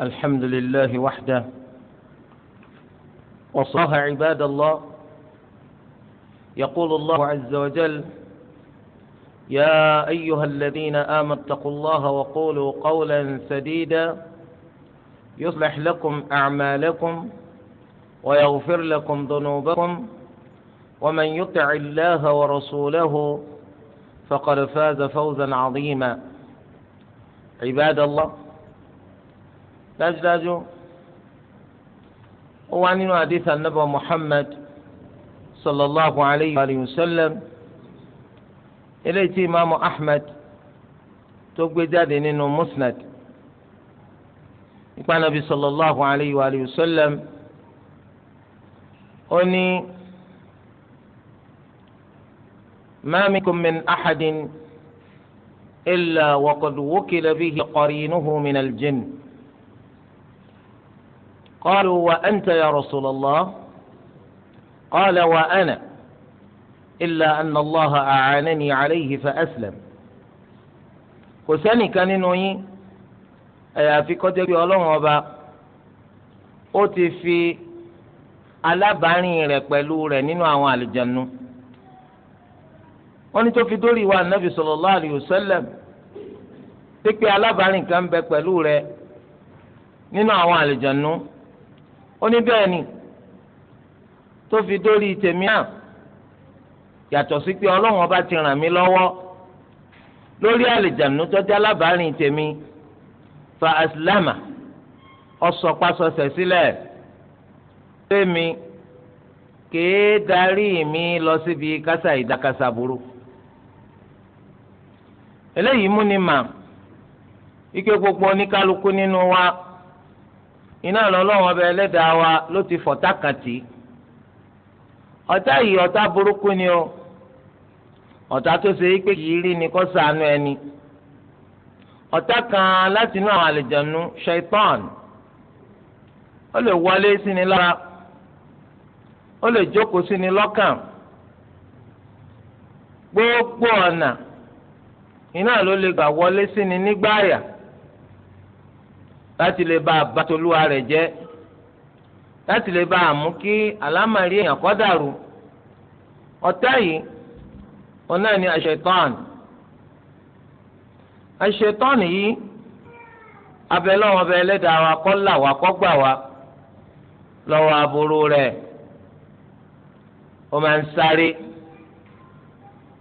الحمد لله وحده وصاها عباد الله يقول الله عز وجل يا أيها الذين آمنوا اتقوا الله وقولوا قولا سديدا يصلح لكم أعمالكم ويغفر لكم ذنوبكم ومن يطع الله ورسوله فقد فاز فوزا عظيما عباد الله dájúdájú ó wá nínú àdìsá nàbà Muhammad sallallahu alayhi wa sallam eléyìí tí imaamu Ahmad tó gbé jáde nínú musnad nípa nàbí sallallahu alayhi wa sallam ó ní. ما منكم من احد الا وقد وكل به قرينه من الجن قالوا وأنت يا رسول الله قال وأنا إلا أن الله أعانني عليه فأسلم kòsẹ́nì kan nínú yín àyàfi kọjá pé ọlọ́run ọba ó ti fi alábàárìn rẹ̀ pẹ̀lú rẹ̀ nínú àwọn àlùjànnú wọ́n ní tó fi dórí wa nàbì sallallahu alayhi wa sallam pípé alábàárìn kan bẹ pẹ̀lú rẹ̀ nínú àwọn àlùjànnú ó ní bẹ́ẹ̀ ni tó fi dórí tèmi náà yàtọ̀ sí pé ọlọ́run ọba ti ràn mí lọ́wọ́ lórí àlìjànú tọ́jú alábàárìn tèmi fa asilámà ọ̀sọ̀pasọ̀sẹ̀ sílẹ̀ tèmi kèé darí mi lọ síbi kásá ìdákásá burú eléyìí múni mà ike gbogbo oníkálukú nínú wa. iná lọ́lọ́run ọba ẹlẹ́dàá wa ló ti fọ̀tá kan tì í ọ̀tá yìí ọ̀tá burúkú ni o ọ̀tá tó ṣe é pé kì í rí ni kó ṣàánú ẹni ọ̀tá kan láti inú àwọn àlejànú shaitan ó lè wọlé sí ni lára ó lè jókòó sí ni lọ́kàn gbogbo ọ̀nà iná ló lè gbà wọlé sí ni nígbàyà láti lè bá abatolúwa rẹ̀ jẹ́ láti lè bá àmú kí alámàrí èèyàn kọ́ dàrú ọ̀tá yìí ọ̀nà ni àṣetán àṣetán yìí abẹ́lọ́wọ́n bẹ ẹlẹ́dàá wa kọ́ là wá kọ́ gbà wá lọ́wọ́ aburú rẹ̀ ó máa ń sáré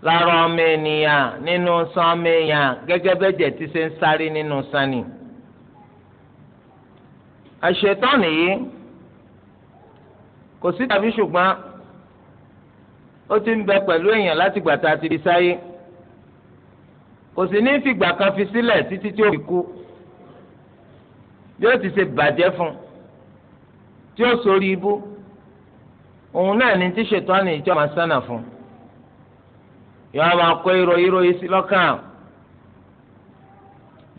lára ọmọ ènìyàn nínú sánmẹ́yàn gẹ́gẹ́ bẹ́jẹ̀ tí ṣe ń sáré nínú sánni àṣetán nìyí kò sí tàbí ṣùgbọ́n ó ti ń bẹ pẹ̀lú èèyàn láti gbà tá a ti fi sáyé kò sì ní fìgbà kan fi sílẹ̀ títí tí ó fi kú bí ó ti ṣe bàjẹ́ fún tí ó sórí ibú òun náà ni tí ṣetán nìyí tí ó máa sánà fún yóò máa kó ìròyìn sí lọ́kàn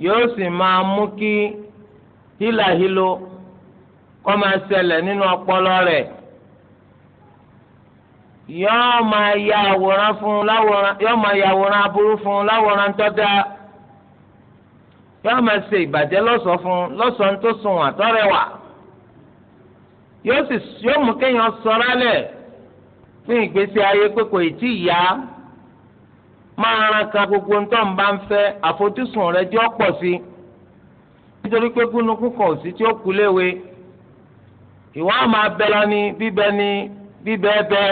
yóò sì máa mú kí hílàhílo. Hila kọ́ máa ṣẹlẹ̀ nínú ọpọlọ rẹ̀ yọ́ọ́ máa ya àwòrán fún ya aburú fún ṣe ìbàjẹ́ fún un lọ́sọ̀ọ́ tó sùn àtọ́rẹ̀wà yóò mú kéèyàn sọ̀rọ̀ alẹ̀ fún ìgbésí ayé pé kò tí ì yá máa ran gbogbo ń tọ́ ń bá ń fẹ́ àfojúsùn rẹ̀ sí nítorí pé tí ó kú léwe. ìwọ á máa bẹ lọ ní bíbẹ ní bíbẹ bẹ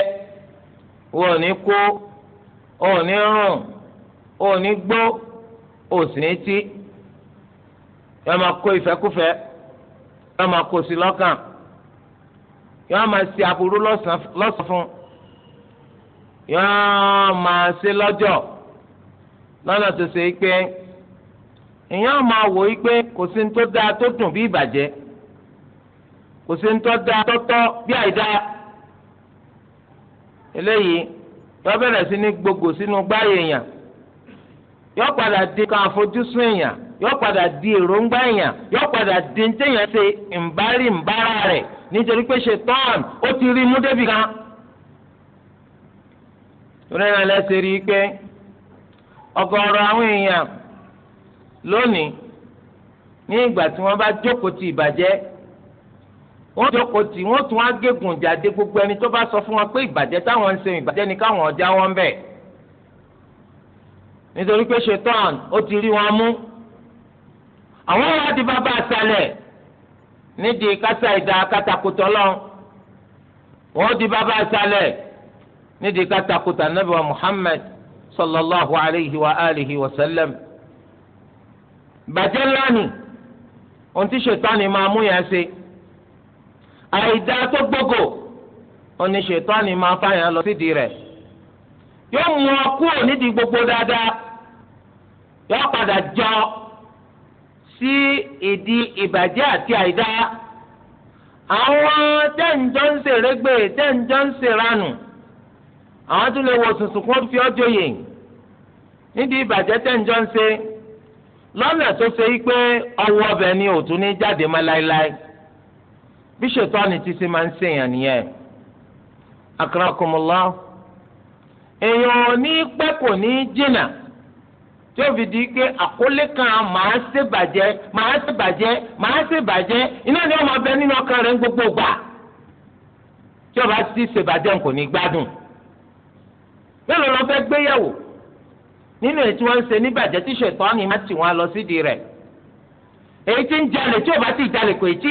wọn ò ní kó ò ní rùn ò ní gbó ò sì ní tí yọ máa kó ìfẹ́kúfẹ́ yọ máa kó sí lọ́kàn yọ máa ṣe aburú lọ́sàn fún yọ máa ṣe lọ́jọ́ lọ́nà tó ṣe é pé ìyẹn máa wò ó pé kò sí ní tó dáa tó dùn bí ìbàjẹ́. kò sí ń tọ́ta tọ́tọ́ bí àìdá eléyìí yọ bẹ̀rẹ̀ sí ní gbogbo sínú gbáyé èèyàn yọ padà di kan àfojúsùn èèyàn yọ padà di èròǹgbà èèyàn yọ padà di ń téèyàn ṣe ìbárí ìbára rẹ̀ nítorí pé ṣe tán ó ti rí mú kan. torí náà lẹ́sẹ̀ rí i pé ọ̀gọ̀ọ̀rọ̀ àwọn èèyàn lónìí ní ìgbà tí wọ́n bá jókòó ti ìbàjẹ́ wọ́n jókòó tì wọ́n tún agégùn jáde gbogbo ẹni tó bá sọ fún wọn pé ìbàjẹ́ táwọn ń ṣe ìbàjẹ́ ni káwọn ọjà wọn bẹ̀. nítorí pé ṣetán ó ti rí wọn mú àwọn wá di bàbá àṣálẹ̀ nídìí kásá ìdá kátàkùtọ̀ lọ́n wọ́n di bàbá àṣálẹ̀ nídìí kátàkùtà nàbẹ̀ wa Muhammad sallallahu alayhi wa alihi wa sallam bàjẹ́ lánìí ohun tí ṣetán ni máa mú yẹn ṣe. àìdá tó gbogbo oníṣètọ́ni máa fàyàn lọ sídìí rẹ̀ yóò mú ọ kúrò nídìí gbogbo dáadáa yóò padà jọ sí ìdí ìbàjẹ́ àti àìdá àwọn tẹ́ǹjọ́ ń ṣèrégbè tẹ́ǹjọ́ ń ṣèranù àwọn tún lè wo sùnsùn kó fi ọjọ́ yè nídìí ìbàjẹ́ tẹ́ǹjọ́ ń ṣe lọ́nà tó ṣe yí pé ọwọ́ ọbẹ̀ ni òtún bí ṣètọ́ni ti ṣe máa ń ṣèyàn nìyẹn akramakumullah èèyàn ò ní pẹ́ kò ní jìnnà tí ó fi di pé àkólé kan màá se baje ṣèbàjẹ́ se baje iná ni ọmọ abẹ nínú ọkàn rẹ̀ ń gbogbo gbà tí ọba ti ṣèbàjẹ́ kò ní gbádùn mélòó lọ fẹ́ gbéyàwó nínú èyí tí wọ́n ń ṣe níbàjẹ́ tí ṣètọ́ni má tì wọ́n lọ sídìí rẹ̀ ti jalè kò ì tí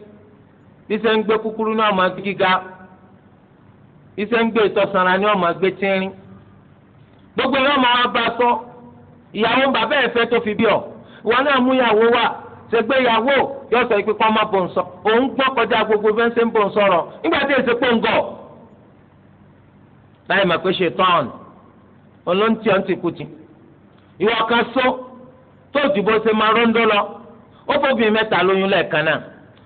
iṣẹ́ ń gbé kúkúrú ní ọmọ agbé gíga iṣẹ́ ń gbé ìtọ́sára ní ọmọ agbé tínrín gbogbo ní ọmọ wa bá sọ ìyàwó bàbá fẹ́ tó fi bí ọ ìwọ náà mú ìyàwó wà ṣègbè ìyàwó yóò sọ ìpínpọ́n má bò ń sọ òun gbọ́ kọjá gbogbo bẹ́ẹ̀ ṣe ń bò ń sọ̀rọ̀ nígbà tí èsì láì pé ṣe tán olóńtì ọ̀ǹtì kùtì ìwọ kan só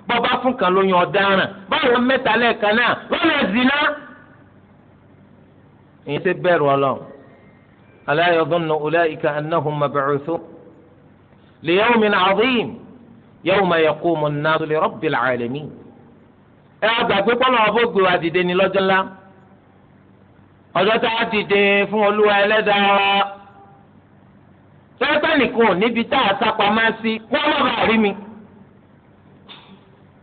bọ́ba fún kan lóyún ọ̀daràn báwọn mẹ́ta lẹ́ẹ̀kan náà wọ́n lè zina. èyí ṣe bẹ̀rù ọlọ́run ala yadhunnu ulaika annahum mab'uthun li yawmin 'azim yawma yaqumu an-nasu li rabbil 'alamin. ẹ àgbàgbé pọ́nlọ́ ọ̀bọ̀ gbé wa dìde ní lọ́jọ́ ńlá ọjọ́ tá a dìde fún olúwa ẹlẹ́dàá wa tẹ́tẹ́ níbi tá a sápamọ́ sí wọ́n má bàa rí mi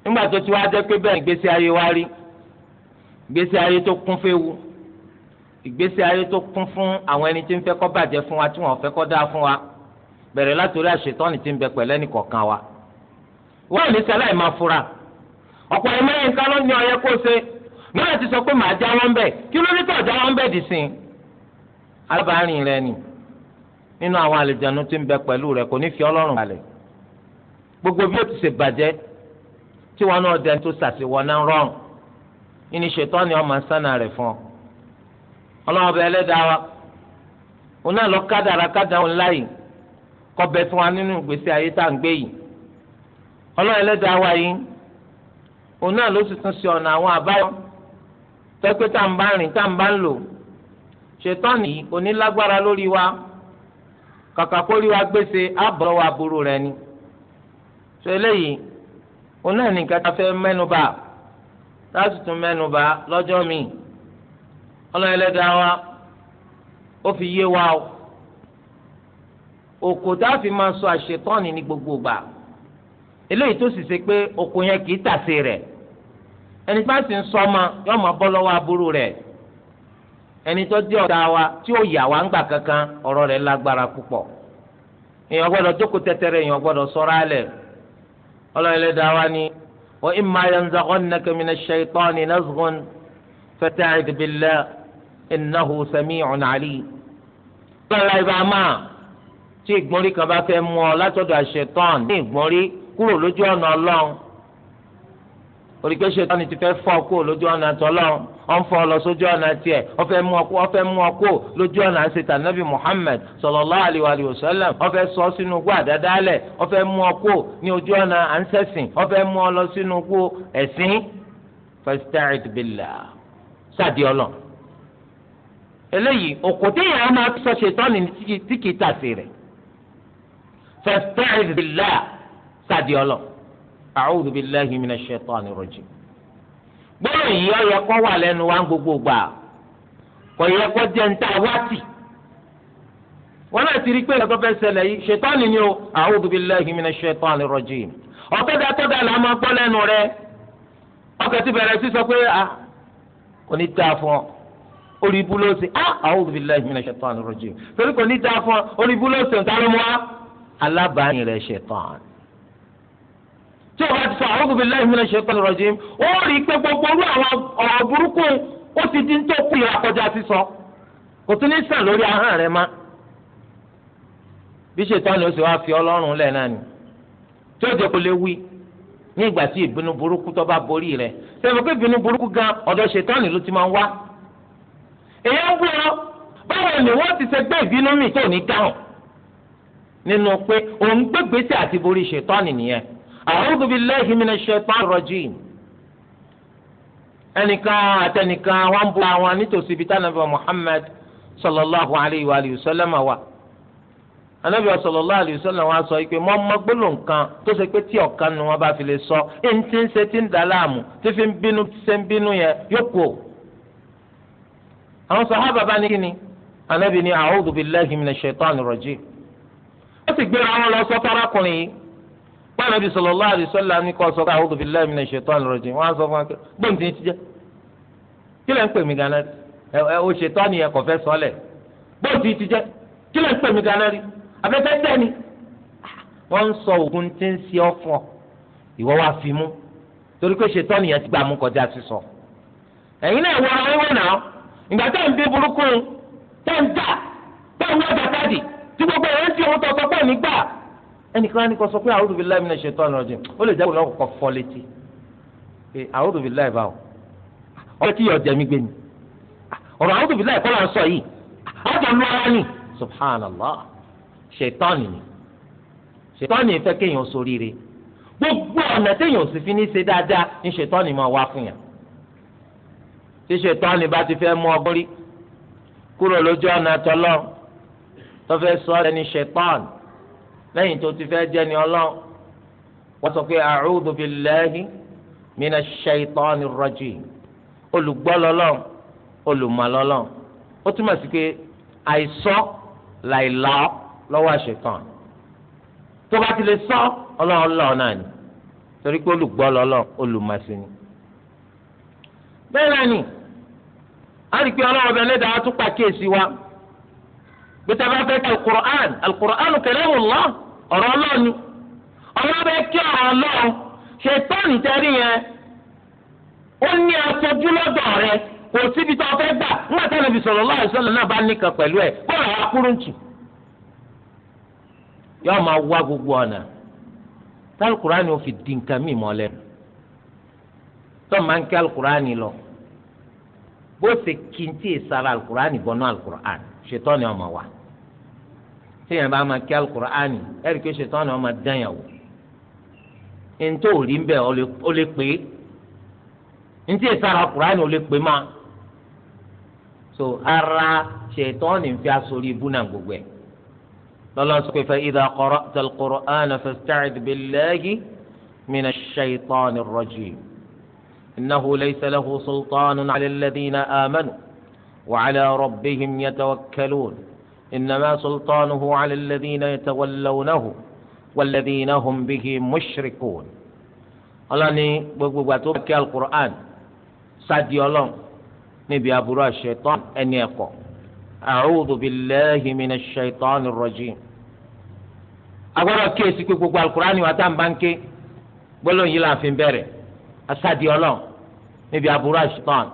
nígbà tó ti wá jẹ́ pé bẹ́ẹ̀ ìgbésí ayé wa rí ìgbésí ayé tó kún féwu ìgbésí ayé tó kún fún àwọn ẹni tí ń fẹ́ kó bàjẹ́ fún wa tí wọ́n fẹ́ kó dáa fún wa bẹ̀rẹ̀ látòrí àṣetọ́ni tí ń bẹ pẹ̀lẹ́ nìkọ̀ọ̀kan wa. wọ́n ní sẹ́lá ẹ̀ máa fura ọ̀pọ̀ ẹ̀ mẹ́rin nǹkan ló ní ọyẹ kó ṣe mẹ́rin ti sọ pé màá já wọn bẹ́ẹ̀ kí ló ní tó já wọn bẹ́ẹ̀ dì sí rẹ ni nínú àwọn àlejànú tí ń bẹ pẹ̀lú rẹ kò ní fi ọlọ́run balẹ̀ gbogbo bí ó ti ṣe bàjẹ́ tí wọn náà dẹni tó sàṣìwọ náà rọrùn ìní ṣètọ́ ni ọmọ sánà rẹ̀ fún ọ. ọlọ́wọ́n bẹ ẹlẹ́dàá wa òun náà lọ kádàrá kádà nínú ìgbésí ayé tá à ń gbé yìí. ọlọ́wọ́n ẹlẹ́dàá wa yìí òun náà ló sì tún ṣe ọ̀nà àwọn àbáyọ pẹ́pẹ́ tá à wa kàkà wa gbèsè rẹ ni. òun náà nìkan tá a fẹ́ mẹ́nuba tá a sì tún mẹ́nuba lọ́jọ́ míì ọlọ́run ẹlẹ́dàá wa ó fi yé wa o òkò tá a fi máa sọ àṣetọ́ni ní gbogbo gbà eléyìí tó sì ṣe pé òkò yẹn kì í rẹ̀ ẹni sì ń sọ ọmọ yóò máa bọ́ lọ́wọ́ aburú rẹ̀ ẹni tó dé ọ̀dà wa tí kankan ọ̀rọ̀ rẹ̀ lágbára púpọ̀ èèyàn gbọ́dọ̀ jókòó tẹ́tẹ́rẹ́ èèyàn gbọ́dọ̀ sọ́ra lẹ̀ ọlọ́run ẹlẹ́dàá wa ni wa imma yanzaghannaka minash shaytani nazghun fasta'idh billah innahu sami'un alim. ọlọ́run ibà máa tí ìgbónrí kan bá fẹ́ mú ọ látọ̀dọ̀ àṣetán ní ìgbónrí kúrò lójú ọ̀nà ọlọ́run oríkè ṣètọ́ni ti fẹ́ fọ́ ọkọ lójú ọ̀nà tọ́lọ́ ọ̀ ń fọ́ ọ lọ sójú ọ̀nà tiẹ̀ ọ fẹ́ mú ọkọ ọ fẹ́ mú ọkọ lójú ọ̀nà àṣetà nàbì Muhammad sallallahu alaihi wa sallam ọ fẹ́ sọ sínú gbọ́ àdádálẹ̀ ọ fẹ́ mú ọkọ ní ojú ọ̀nà ànsẹ́sìn ọ fẹ́ mú ọ lọ sínú gbọ́ ẹ̀sìn fasta'id billah sàdí ọlọ. eléyìí òkò téèyàn á máa sọ ṣètọ́ni tí kì í tàsí rẹ̀ fasta'id billah sàdí ọlọ́ọ̀ a'udhu billahi minash shaitani rajim. gbọ́dọ̀ yìí ọ̀yẹ́ kọ́ wà lẹ́nu wa gbogbo gbà kò yẹ kó jẹ́ ń ta wáàtì. wọn náà ti rí pé ìyàtọ̀ fẹ́ ṣẹlẹ̀ yìí ṣètọ́ni ni o a'udhu billahi minash shaitani rajim. ọ̀tọ́dà tọ́dà là máa gbọ́ lẹ́nu rẹ ọkọ̀ ti bẹ̀rẹ̀ sí sọ pé a kò ní ta fún ọ orí ibú a a'udhu billahi minash shaitani rajim ṣe ń ta tí ọba ti sọ a'udhu billahi minash shaitanir rajim ó rí i pé gbogbo orú àwọn ọ̀rọ̀ burúkú ó ti di tó kú ìlà kọjá sísọ kò tún ní sàn lórí ahọ́n rẹ wa fi ọlọ́run lẹ̀ náà ni tí ó jẹ́ kó wí ní ìgbà tí ìbínú burúkú tó bá borí pé ìbínú burúkú gan ọ̀dọ̀ ló ti máa wá ni wọ́n ti ṣe gbé ìbínú mi tó ní dáhùn a'udhu billahi minash shaitanir rajim ẹnìkan àtẹnìkan wọn bu àwọn nítòsí ibi tánàbí wa Muhammad sallallahu alayhi wa alihi wa sallam wa anabi wa sallallahu alayhi wa sallam wa sọ pé mọ mọ gbólóhùn kan tó ṣe pé tí ọ̀kan nu wọn bá fi lè sọ ẹni tí ń ṣe tí ń dà láàmú tí fi ń bínú ṣe ń bínú yẹn yóò kú o. àwọn sàhábà ní kí ni anabi ni a'udhu billahi minash shaitanir rajim. wọ́n sì gbéra wọn lọ sọ báwọn ibi sọlọ lọ ní kọ sọ káwọn òbí lẹ́yìn ní ṣètò àlùrọ̀jì wọn á sọ fún wa pé ti ń ti kí lẹ́ ń pè mí gánà rí ẹ o ṣètò àníyàn kò fẹ́ sọ́lẹ̀ gbóhùn ti ti jẹ kí lẹ́ ń pè mí gánà rí abẹ́fẹ́ tẹ́ sọ ògùn tí ń ṣe ọ̀fọ̀ ìwọ́ wa fi mú torí pé ṣètò àníyàn ti gbà mú kọjá sọ. ẹ̀yin náà wọ ẹnìkan ni kò sọ pé a'udhu billahi minash shaitani rajim ó lè jáwé lọ́kọ̀ fọ́ létí pé a'udhu billahi báwo ọ̀rẹ́ tí yọ̀ jẹ́ mi gbé ni ọ̀rọ̀ a'udhu billahi kọ́ là ń sọ yìí ọ̀dọ̀ ń lọ́wọ́ ni subhanallah ṣètọ́ni ni ṣètọ́ni fẹ́ kéèyàn ṣoríire gbogbo ọ̀nà téèyàn sì fi ní ṣe dáadáa ní ṣètọ́ni máa wá fún yàn tí ṣètọ́ni bá ti fẹ́ mú ọgbọ́n rí kúrò lójú ọ̀nà tọ́lọ́ tó fẹ́ sọ ọ́ ẹni ṣètọ́ni lẹ́yìn tó ti fẹ́ jẹ́ ni ọlọ́run wọ́n sọ pé a'udhu billahi minash shaitani rajim olùgbọ́lọ́lọ́n olùmọ̀lọ́lọ́n ó túmọ̀ sí pé àìsọ́ làìlá lọ́wọ́ àṣetàn tó bá ti lè sọ ọlọ́run lọ́ọ̀ náà ni torí pé olùgbọ́lọ́lọ́n olùmọ̀sí ni. bẹ́ẹ̀ náà ni a rí i pé ọlọ́run ọbẹ̀ lẹ́dàá tún pàkíyèsí wa. gbèsè bá fẹ́ kí alukur'an alukur'an kẹlẹ́mù lọ ọ̀rọ̀ ọrụ ọlọ́ọ̀ bẹ kí ọ̀rọ̀ ọrụ ṣètọ́ọ̀nì tẹ́rí yẹn ó ní aṣojú lọ́dọ̀ rẹ kò síbi tó fẹ́ gbà nígbà tí Ànábì sallallahu alaihi wasallam náà bá níkan pẹ̀lú ẹ̀ bọ́ọ̀lù ya akúrúntù yóò máa wá gbogbo ọ̀nà tí alukur'an yóò fi di nǹkan tó máa ń kí alukur'an lọ bó ṣe kí n tí ì sara alukur'an bọ́nú alukur'an ṣètọ́ni ọmọ wa tíyẹn bá máa kí alukur'ani ẹ̀rí pé ṣètọ́ni ọmọ dẹ́yàwó ntí ò rí bẹ́ẹ̀ ó lè pè é ntí èsì alukur'ani ó lè pè má so ara ṣètọ́ni fi asorí ibú náà gbogbo ẹ̀ lọ́lọ́sọ pé fa idha qara'ta al-Qur'ana fasta'idh billahi minash shaytanir rajim innahu laysa lahu sultanun 'ala alladhina amanu. وعلى ربهم يتوكلون إنما سلطانه على الذين يتولونه والذين هم به مشركون ọlọ́ni gbogbo àti òkè alukur'an sadi ọlọ́n níbi aburú àṣetán ẹni ẹ̀kọ́ àrùdù bìlẹ́hì mìíràn ṣetán rọ̀jì. agbọ́dọ̀ kíyèsí pé gbogbo alukur'an wà tá à ń bá ń ké gbọ́dọ̀ yìí láàfin bẹ̀rẹ̀ asadi ọlọ́n níbi aburú àṣetán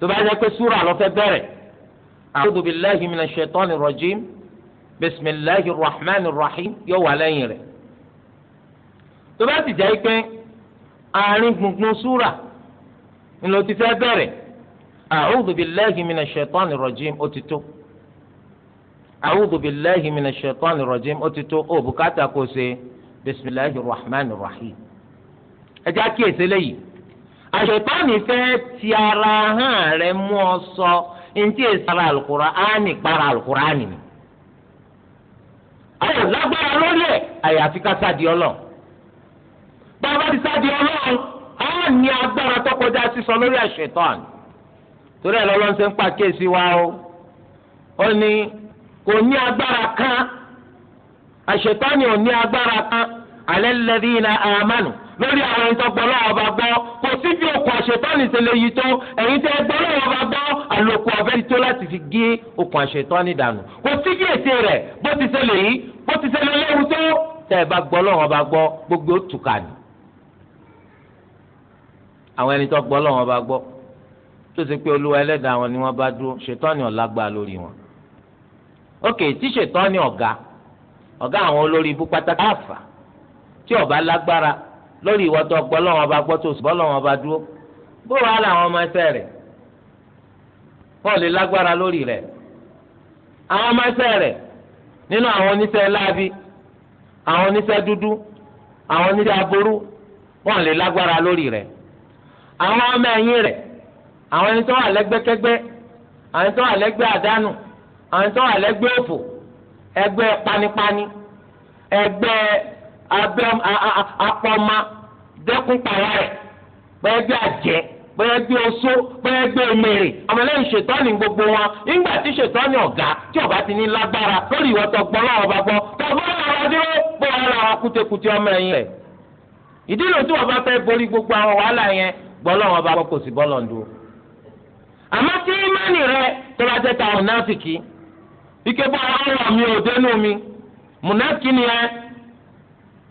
tó bá yẹ pé súrà ló fẹ́ bẹ̀rẹ̀ a'udhu billahi minash shaitani rajim bisimilahi rahman rahim yóò wà lẹ́yìn rẹ̀ tó bá ti jẹ́ pé àárín gbùngbùn súrà ńlọ ti fẹ́ bẹ̀rẹ̀ a'udhu billahi minash shaitani rajim ó ti tó a'udhu billahi minash shaitani rajim ó ti tó ó bùkátà kó ṣe bisimilahi rahman rahim ẹ jẹ́ àkíyèsí àṣetọ́ni fẹ́ ti ara hàn rẹ mú ọ sọ ntí ìsara Al-Qur'ani para Al-Qur'ani ni. ayọ̀ lágbára lórí ẹ̀ àyàfi ká sáà di ọlọ́run. bàbá ti sáà di ní agbára tó kọjá sísọ lórí torí ẹ̀ lọ́lọ́run ṣe ń wa o. ó ní kò ní agbára kan ò ní agbára kan lórí àwọn ẹni tó gbọ́ lọ́wọ́ bá gbọ́ kò sí fi okùn àṣetọ́ni ṣẹlẹ̀ yìí tó ẹ̀yin tẹ́ gbọ́ lọ́wọ́ bá gbọ́ àlòkù ọ̀fẹ́ ti tó láti fi gé okùn àṣetọ́ni dànù kò sí fi ète rẹ̀ bó ti ṣẹlẹ̀ yìí bó ti ṣẹlẹ̀ léwu tó tẹ́ ẹ bá gbọ́ lọ́wọ́ bá gbọ́ gbogbo ó tùkà ní. àwọn ẹni tó gbọ́ lọ́wọ́ bá gbọ́ tó ṣe pé olúwa ẹlẹ́dàá àwọn olórí ọba lágbára lórí ìwọ́tọ̀ gbọ́ lọ́wọ́ ọba gbọ́ tó bọ́ lọ́wọ́ ọba dúró bó wàá làwọn ọmọ ẹsẹ̀ rẹ̀ wọ́n lè lágbára lórí rẹ̀ àwọn ọmọ ẹsẹ̀ rẹ̀ nínú àwọn oníṣẹ́ láabi àwọn oníṣẹ́ dúdú àwọn oníṣẹ́ aburú wọ́n lè lágbára lórí rẹ̀ àwọn ọmọ ẹ̀yìn rẹ̀ àwọn ẹni tó wà lẹ́gbẹ́kẹ́gbẹ́ àwọn ẹni tó wà lẹ́gbẹ́ àdánù àwọn ẹni tó wà lẹ́gbẹ́ òfò ẹgbẹ́ panipani ẹgbẹ́ abẹ́ apọ́nmá dẹ́kun pàrọ̀ rẹ̀ bẹ́ẹ̀ bí àjẹ́ bẹ́ẹ̀ bí oṣó bẹ́ẹ̀ bí omèrè ọmọlẹ́yìn ṣètọ́ni gbogbo wọn nígbà tí ṣètọ́ni ọ̀gá ọba ti ní lágbára lórí gbọ́ láwọn ọba gbọ́ tọ́gbọ́n làwọn dúró bó wọn làwọn ọmọ ẹ̀yìn rẹ̀ ìdí ló tí wọn gbogbo àwọn wàhálà yẹn gbọ́ láwọn gbọ́ kò sí àmọ́ ike bọ́ àwọn mi ò dénú mi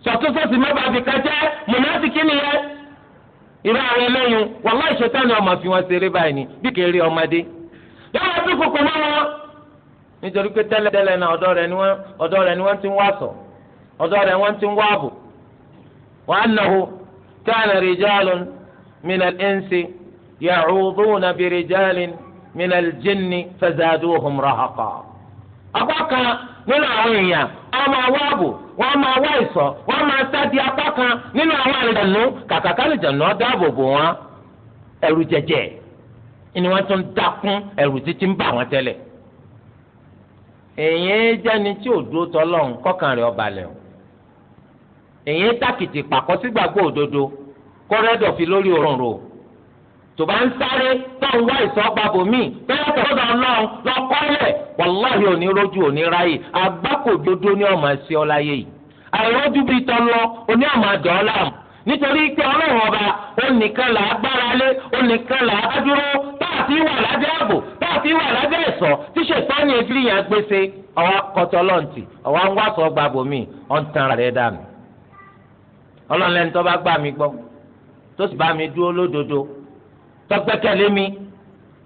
sọtúnṣọsì má bàa fi kẹjẹ mùnásìkí nìyẹn irú àwọn ẹlẹ́yin wàláì ṣètánì ọmọ fi wọn ṣeré báyìí ni bí kéré ọmọdé yọ̀wọ́ tó kòkò mọ́ wọn. nítorí pé tẹ́lẹ̀tẹ́lẹ̀ náà ọ̀dọ́ rẹ̀ ni wọ́n ọ̀dọ́ rẹ̀ ni wọ́n ti ń wá sọ ọ̀dọ́ rẹ̀ wọ́n ti ń wá àbò. wọ́n á nàwó káàna rìjálù minal ẹ̀ǹsì yàrúdúnà bìrìjálì minal jìnnì fẹ̀zàdúhùn ràhàkà. àkọ́kàn nínú àwọn èèyàn wọ́n máa wá ààbò wọ́n máa wá ìṣọ́ sá apá kan nínú àwọn àlejànú kàkà kálejànú dáàbò bò wọ́n ẹ̀rù jẹjẹ ni wọn tún dákún ẹ̀rù títí ń bà wọn tẹ́lẹ̀ èèyàn jẹni tí ò dúró kọkàn ọba lẹ o tàkìtì pàkọ òdodo lórí tó bá ń sáré tó ń wá ìsọ́gbàbò míì bẹ́ẹ̀ tó dọ̀ ọlọ́run lọ́kọ́lẹ̀ wàláhì òní rójú òní ráyè agbákòdodo ní ọmọ ẹsẹ̀ ọláyé yìí àìrójú bíi tọ́lọ oní ọmọ àdọ́ ọlọ́run nítorí pé ọlọ́run ọba onìkan là á gbára lé onìkan là á dúró táàtì wà lábẹ́ ààbò táàtì wà lábẹ́ ẹ̀sọ́ tí ṣètọ́ni egiri yẹn gbèsè ọwọ́ akọtọ lọ́ǹtì ọwọ́ ń wá sọ gbàbọ̀mí tan rẹ̀ dànù ọlọ́run lẹ́ni tó bá gbà mí gbọ́ tó sì bá mi dúró lódodo tọ́gbẹ́kẹ̀lé mi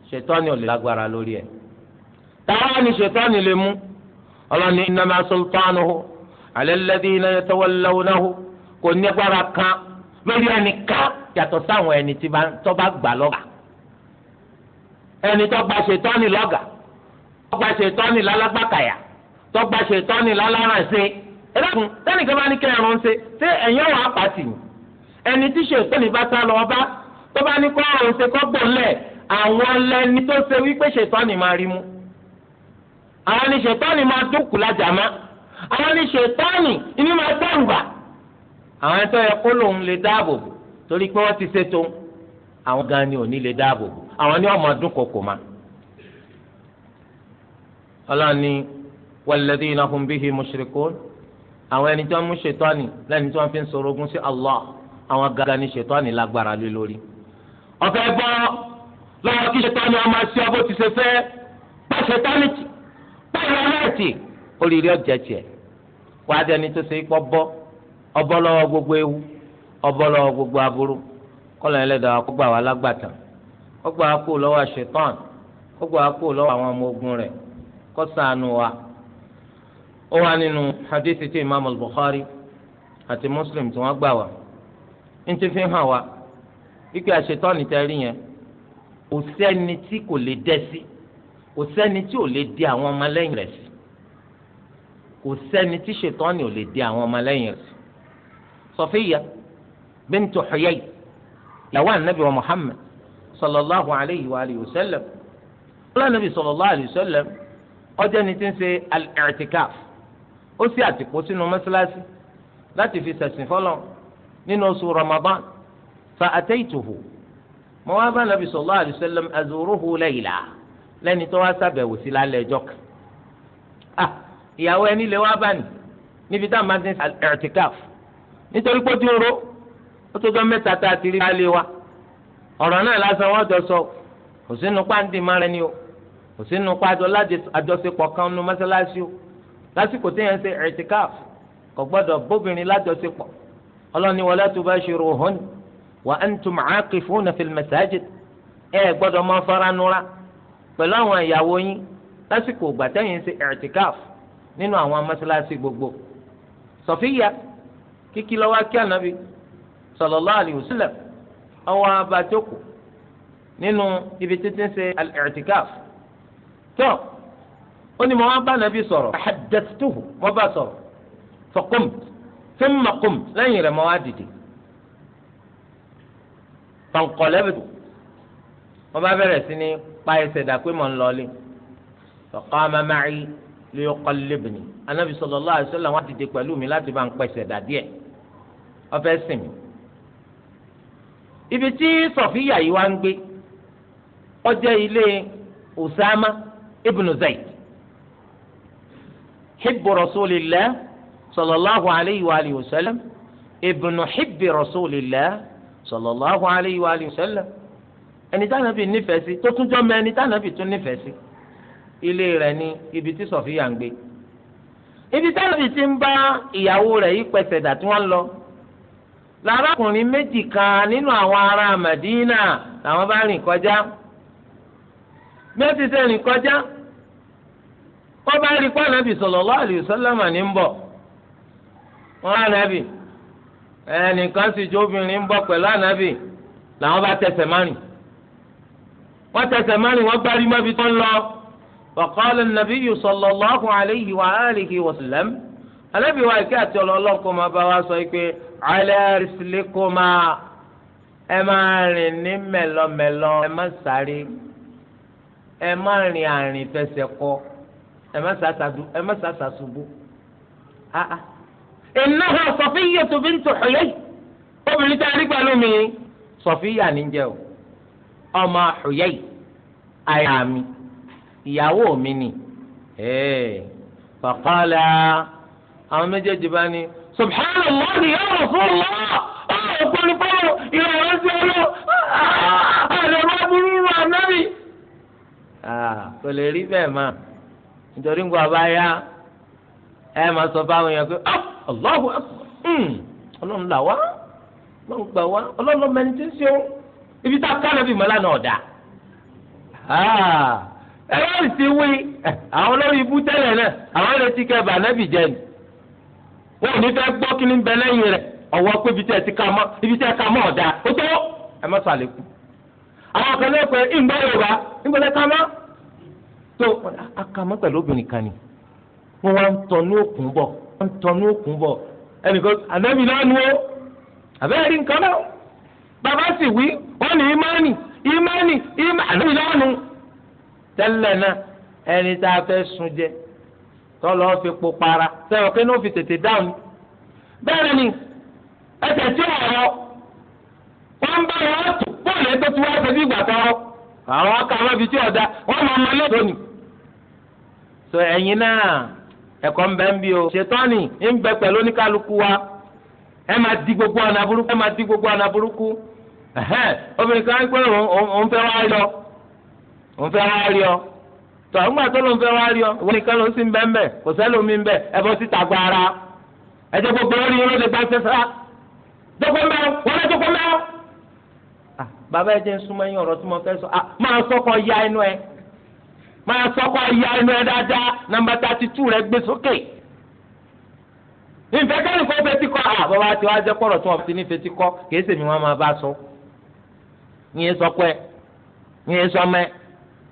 ṣètọ́ni ò lè lágbára lórí ẹ̀ táwa ni ṣètọ́ni lè mú ọlọ́ni innama sultanuhu ala alladhina yatawallawnahu kò ní agbára kan lórí ẹni ká yàtọ̀ sáwọn ẹni tí tó bá gbà lọ́gà ẹni tó gba ṣètọ́ni lọ́gà tó gba ṣètọ́ni lálágbàkàyà tó gba ṣètọ́ni lálárànṣe ẹlẹ́kùn tẹ́nìkan bá ní kẹrin ṣe ṣé ẹ̀yìn ọ̀rọ̀ apàtì ẹni tí ṣètọ́ni bá sá lọ bá tó bá ní kọ́ ọ̀run ṣe kọ́ bò lẹ̀ àwọn lẹni tó ṣe wípé ṣètọ́ni máa rí mú àwọn ni ṣètọ́ni máa dúnkù lájà má àwọn ni ṣètọ́ni ìní máa dẹ́rùbà àwọn ẹ̀tọ́ yẹ kó lòun lè dáàbò bò torí pé wọ́n ti ṣètò àwọn gan ni ò ní lè dáàbò àwọn ni ọmọ ọdún kòkò ma ọlọ́ni walladhina hum bihi mushrikun àwọn ẹni tí wọ́n mú ṣètọ́ni lẹ́ni tí wọ́n fi ń sorogún sí Allah àwọn gan ni ṣètọ́ni lágbára lé lórí ọ̀fẹ́ bọ́ lọ́wọ́ kí ṣètọ́ni ọmọ sí ọ bó ti ṣe fẹ́ bá ṣètánìtì bá ìrọ̀lẹ́ẹ̀tì oríire ọjà tiẹ̀ wá dẹni tó ṣe kọ́ bọ́ ọbọ̀ lọ́wọ́ gbogbo ewu ọbọ̀ lọ́wọ́ gbogbo aburú kọ́lọ̀ ẹlẹ́dàá kó gbà wá lágbàtàn kó gbà wá kó lọ́wọ́ ṣètọ́n kó gbà kó lọ́wọ́ àwọn ọmọ ogun rẹ̀ kó ṣàánú wa. ó wà nínú hadith tí imaamu Bukhari àti Muslim tí wọ́n gbà wá ń ti fi hàn wá wípé àṣetọ́ni tẹ rí yẹn kò sẹ́ni tí kò lè dẹ́ sí kò sẹ́ni tí ò lè di àwọn ọmọlẹ́yìn rẹ̀ sí kò sẹ́ni tí ṣetọ́ni ò lè di àwọn ọmọlẹ́yìn rẹ̀ sí. Safiya bintu Huyay ìyàwó ànábì wa Muhammad sallallahu alayhi wa alihi wa sallam wọ́n ànábì sallallahu alayhi wa sallam ọjọ́ ni ti ń ṣe al-i'tikaf ó sì àtìpó sínú mọ́ṣáláṣí láti fi ṣẹ̀sìn fọ́lọ́ nínú oṣù Ramadan fa àtẹ́yìtòhò mo wá bá nàbì sallallahu alayhi wasallam àzòróhù lẹ́yìnlá lẹ́ni tó wá sàbẹ̀wò sí lálẹ́ ẹjọ́ kan ah ìyàwó ẹni lè wá bá ní níbi tá a máa ti ń ẹ̀rtìkáf nítorí pé ó ti ń ro ó tó jọ mẹ́ta tá a ti rí lálẹ́ wa ọ̀rọ̀ náà lásán wọ́n jọ sọ kò sínú pàǹdì márẹ́ ni o kò sínú pàjọ lájọṣepọ̀ kan nu mọ́sálásí o lásìkò téèyàn ṣe ẹ̀rtìkáf kò gbọ́dọ̀ bóbìnrin lájọṣepọ̀ ọlọ́ni wala tubashiruhun wa antum aakifuna fil masajid ẹ gbọ́dọ̀ máa faranura pẹ̀lú àwọn ìyàwó yín lásìkò ìgbà tẹ́yin ṣe ẹ̀ẹ́tìkáf nínú àwọn mọ́ṣáláṣí gbogbo sọfíya kíkí lọ́wọ́ kí ànábi sallallahu alaihi wasallam ọwọ́ abajókòó nínú ibi títí ṣe ẹ̀ẹ́tìkáf tó ó ní mo wá bá ànábi sọ̀rọ̀ ahadastuhu mo bá sọ̀rọ̀ faqum thumma qum lẹ́yìn mo wá dìde fanqalabtu wọ́n bá bẹ̀rẹ̀ sí ní pa ẹsẹ̀ dà pé mò ń lọlé faqama ma'i liyuqallibni anabi sallallahu alaihi wasallam wọ́n ti dé pẹ̀lú mi láti bá ń pẹsẹ̀ dà díẹ̀ ọfẹ́ sìn mí. ibi tí sọ̀fíyà yìí wá ń gbé ó jẹ́ ilé Usama ibn Zayd hibbu rasulillah sallallahu alaihi wa alihi wasallam ibn hibbi rasulillah sallallahu alayhi wa sallam ẹni tí ànábì nífẹ̀ẹ́ sí tó tún jọ mọ ẹni tí ànábì tún nífẹ̀ẹ́ sí ilé rẹ̀ ni ibi tí sọ̀fíà ń gbé ibi tí ànábì ti ń bá ìyàwó rẹ̀ yí pẹ̀sẹ̀ dà tí wọ́n lọ lárakùnrin méjì kan nínú àwọn ará Madina làwọn bá rìn kọjá méjì sẹ́ rìn kọjá wọ́n bá rí pé ànábì sallallahu alayhi wa ní ń bọ̀ wọ́n rà ànábì ẹnìkan sì jó obìnrin ń bọ̀ pẹ̀lú ànábì làwọn bá tẹsẹ̀ márìn wọ́n tẹsẹ̀ márìn wọ́n bá rí mọ́bi tó ń lọ wàkọ́lẹ̀ nàbí yìí sọ̀lọ̀ lọ́kùn àlẹ́yìí wà áàlìkì wọ̀sùlẹ̀m ànábì wa ìké àti ọlọ́ọ̀kọ́ máa bá wa sọ pé alẹ́rìsílẹ́kọ́ máa ẹ máa rìn ní mẹ́lọmẹ́lọ ẹ má sáré ẹ má rìn àrìn fẹsẹ̀ kọ ẹ má sàṣàṣubú ìnáwó sọfíyà tó fi ń tò yìí obìnrin tá a mi sọfíyà ní jẹ́ ọmọ xòyẹ́ yìí àyà ìyàwó mini. kò lè rí bẹ́ẹ̀ nítorí ẹ máa sọ fáwọn pé Allahu akbar hmm. ọlọ́run là wá ọlọ́run gbà wá mẹni tí ń ṣe ó ibi tá a ká lẹ́bi mọ́lá náà dà ẹ sí wí àwọn ibú tẹ́lẹ̀ náà àwọn kẹ́ bà nẹ́bì jẹ́ ni ní fẹ́ gbọ́ kí ni bẹ lẹ́yìn rẹ̀ ọwọ́ pé ibi tẹ́ ẹ ti ká mọ́ ibi tẹ́ ẹ ká mọ́ ọ̀dà ó tó ẹ àwọn kan ń òkun náà nu àbẹ́rẹ́ nǹkan náà bàbá sì wí ní ìmánì ìmánì náà nu tẹ́lẹ̀ náà ẹni tá a fẹ́ sun jẹ tọ́lọ́ fi po para sẹ́wọ̀n kí ní ó fi tètè dáhùn bẹ́ẹ̀ ni ẹsẹ̀ tí wọ́n bá wọn tó bọ́ọ̀lù ẹ̀ tó ti wá ìgbà àwọn tí wọ́n máa mọ sọ ẹ̀yin náà ẹkọ ń bẹ ń bí o ṣètọ́nì ń bẹ pẹ̀lú ẹ máa di gbogbo ọ̀nà burúkú ẹ máa di gbogbo ọ̀nà burúkú obìnrin kan pé òun fẹ́ wá rí ọ òun fẹ́ wá rí ọ tọ́ àwọn gbà tó lóun fẹ́ wá rí ọ ìwọ nìkan ló sì ń bẹ́ ń kò ń ẹ bọ́ síta gbára ẹ jẹ́ gbogbo yín ya máa sọ́kọ́ ya inú ẹ dáadáa nàmbà tàti tù rẹ gbé sókè. ìfẹ́ kẹ́lí kọ́ fetí kọ́ à ah, bàbá tí wàá jẹ́ pọ̀rọ̀ tí wọ́n fi ní fetí kọ́ kìí wọn máa bá sọ. ní sọkọ ẹ ní sọmọ ẹ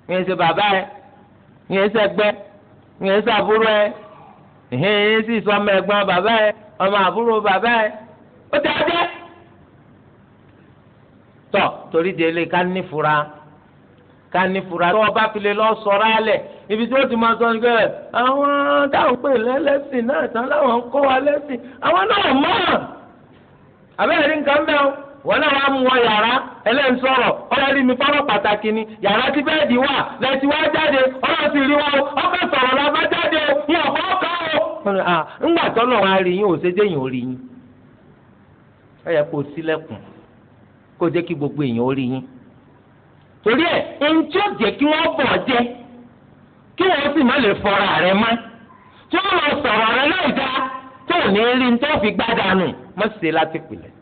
ní sẹ bàbá ẹ ní sẹ gbẹ ní sẹ àbúrò ẹ ní sì sọmọ ẹ̀gbọ́n bàbá ẹ ọmọ àbúrò bàbá ẹ ká ní fura tó ọba file lọ sọ̀rọ̀ alẹ̀ ibi tí o ti máa sọ ní pé àwọn táwọn pè lẹ́lẹ́sìn náà tán láwọn ń wa àwọn náà mọ̀ àbẹ́rẹ́ ní nǹkan bẹ́ẹ̀ wọn náà wàá mú wọn yàrá ẹlẹ́yìn sọ̀rọ̀ mi pàtàkì ni yàrá wà lẹ́tí wá jáde bá jáde o ní o. ńgbà rí yín ò yín ẹ torí ẹ ẹni tí ó jẹ́ kí wọ́n bọ̀ jẹ kí wọ́n sì má lè fọra rẹ̀ mọ́ tí wọ́n lọ sọ̀rọ̀ rẹ̀ láì dá tó ní rí ní tó fi gbádà nù mọ́ ṣe láti pìlẹ̀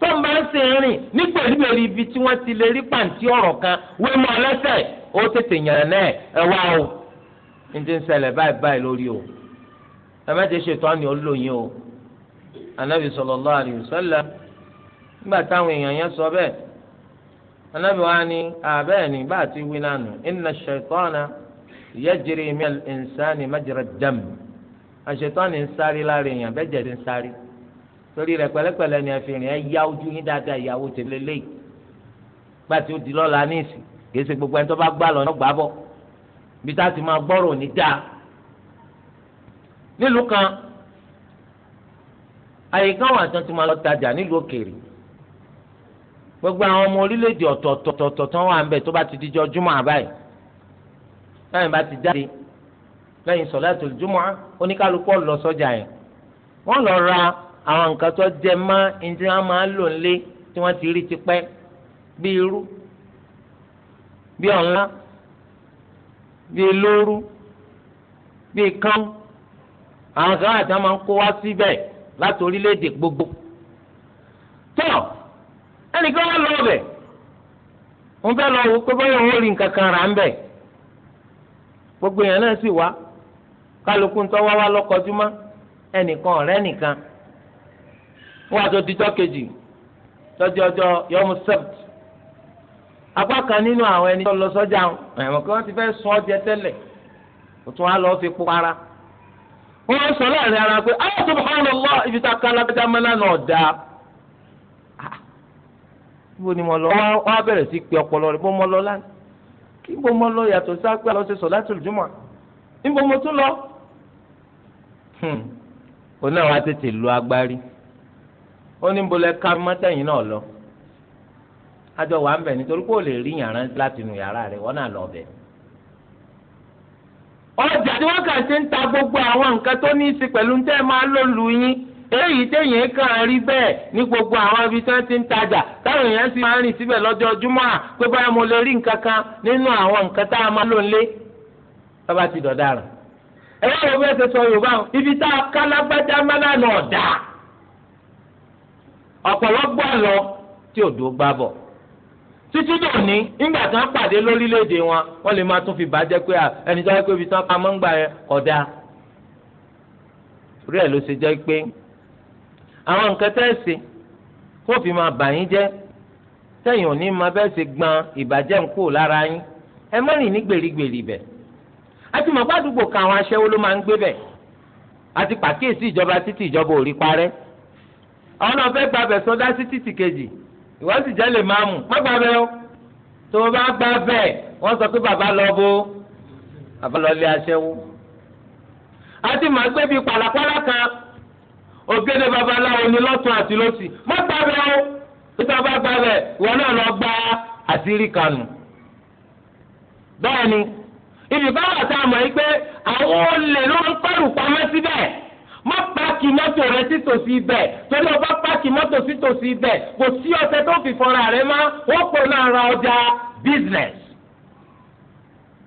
tó ń bá ń ṣe rìn nígbèrígbèrí ibi tí wọ́n ti lè rí pàǹtí ọ̀rọ̀ kan wé mọ́ ọlẹ́sẹ̀ ó tètè yàn náà ẹ wá o ní ti ń ṣẹlẹ̀ báyìí báyìí lórí o ẹ má ti ṣètò àná olóyin o anabi sallallahu alaihi wasallam nígbà táwọn èèyàn yẹn sọ bẹ́ẹ̀ anabi wa ni abẹ́ẹ̀ni bá a ti wí nánu inna ṣaitana yajri minal insani majra dam aṣetọ́ni ń sáré lára èèyàn bẹ́ẹ̀ jẹ́ ń sáré torí rẹ̀ pẹ̀lẹ́pẹ̀lẹ́ ni ẹ̀fìrìn ẹ̀ yá ojú yín dáadáa ìyàwó tẹ̀lé léyìí gbà tí ó di lọ́la ní ìsìn kì í ṣe gbogbo ẹni tó bá gbà lọ́nà gbà bọ̀ bí ti máa gbọ́rọ̀ ní dáa nílùú kan àyíká wọn àti wọn ti máa lọ tajà nílùú òkèèrè gbogbo àwọn ọmọ orílẹ̀-èdè ọ̀tọ̀ọ̀tọ̀ tó wà ń bẹ̀ tó bá ti dijọ́ júmọ̀ àbáyé lẹ́yìn bá ti jáde lẹ́yìn sọ̀láàtù júmọ̀ oníkálukú lọ sọ́jà yẹn wọ́n lọ ra àwọn nǹkan tó jẹ mọ́ ẹni tí wọ́n máa ń lò nílé tí wọ́n ti rí tipẹ́ bí irú bí ọ̀nlá bí lóru bí kán àwọn kan àti wọn máa ń kó wá síbẹ̀ láti orílẹ̀-èdè gbogbo tó. ẹnìkan wà lọ bẹ̀ wọ́n fẹ́ lọ wò pé báyọ̀ rí nǹkan kan rà ń gbogbo èèyàn náà sì wá kálukú ń tọ́ wá wá ẹnìkan ọ̀rẹ́ nìkan wọ́n àti kejì tọ́jú ọjọ́ yọmú sept apá kan nínú àwọn ẹni tó lọ sọ́jà ẹ̀wọ̀n kí wọ́n ti fẹ́ sun ọjẹ tẹ́lẹ̀ òtún á lọ ah, ibi tá a mọ́ náà bó ni mo lọ wọn á bẹ̀rẹ̀ sí pé ọpọlọ rẹ bó mo lọ lánàá kí lọ yàtọ̀ sápẹ apẹ́ àlọ́sẹ̀ sọ̀ láti olùjúmọ̀ níbo mo tún lọ. Hmm. náà wá tètè lu agbárí ó ní bó lẹ ká mọ́tẹ́yìn náà lọ wà ń nítorí pé ó lè rí yàrá láti yàrá náà lọ bẹ. ọjà tí kà gbogbo àwọn nǹkan tó ní í pẹ̀lú ń tẹ́ eléyìí téèyàn yi rí bẹ́ẹ̀ ní gbogbo àwọn ibi tí wọ́n ti ń tajà táwọn èèyàn sì máa ń rìn síbẹ̀ lọ́jọ́ júmọ́ à pé báyà mo lè rí nǹkan kan nínú àwọn a máa lò nílé ti dọ̀dà rẹ̀. ẹ̀rọ o ibi tá a ká lágbájá mẹ́lá nà ọ̀dà ọ̀pọ̀lọpọ̀ àlọ́ tí ò dúró gbá bọ̀ títí dòní nígbà tí wọ́n pàdé lórílẹ̀‐èdè wọn wọ́n lè máa tún fi bàjẹ́ pé ẹnìjọ́ pé ibi tí wọ́n pa mọ́ ń gbà yẹn àwọn nǹkan tẹ́sí kó fi máa bà yín jẹ́ sẹ́yìn òní máa bẹ́ẹ̀ ṣe gbọn ìbàjẹ́ ń kú lára yín ẹ má rìn ní gbèrígbèrí bẹ̀. àti mọ̀ pé àdúgbò kan àwọn aṣẹ́wó ló máa ń gbé bẹ̀ àti pàkíyèsí ìjọba títí ìjọba ò rí parẹ́. àwọn náà fẹ́ gba abẹ sọdá sí títì kejì ìwọ́n sì jẹ́ lè máa mú má gba abẹ o. tó o bá gba abẹ wọ́n sọ pé bàbá lọ bó bàbá lọ lé aṣẹ́wó. àti mọ̀ pé ògèdè babaláwo ni lọ́tún àti lọ́sì má gbàgbé o níta bá gbàgbé ìwọ náà lọ gba àṣírí kanu. bẹ́ẹ̀ni ibi báwa tá a mọ̀ yí pé àwọn olè ló ń pẹ̀rù pamọ́ síbẹ̀ má páàkì mọ́tò rẹ sítòsí ibẹ̀ torí ọba páàkì mọ́tò sítòsí ibẹ̀ kò sí ọ̀sẹ̀ tó fi fọ́ra rẹ má wọ́n pò náà ra ọjà business.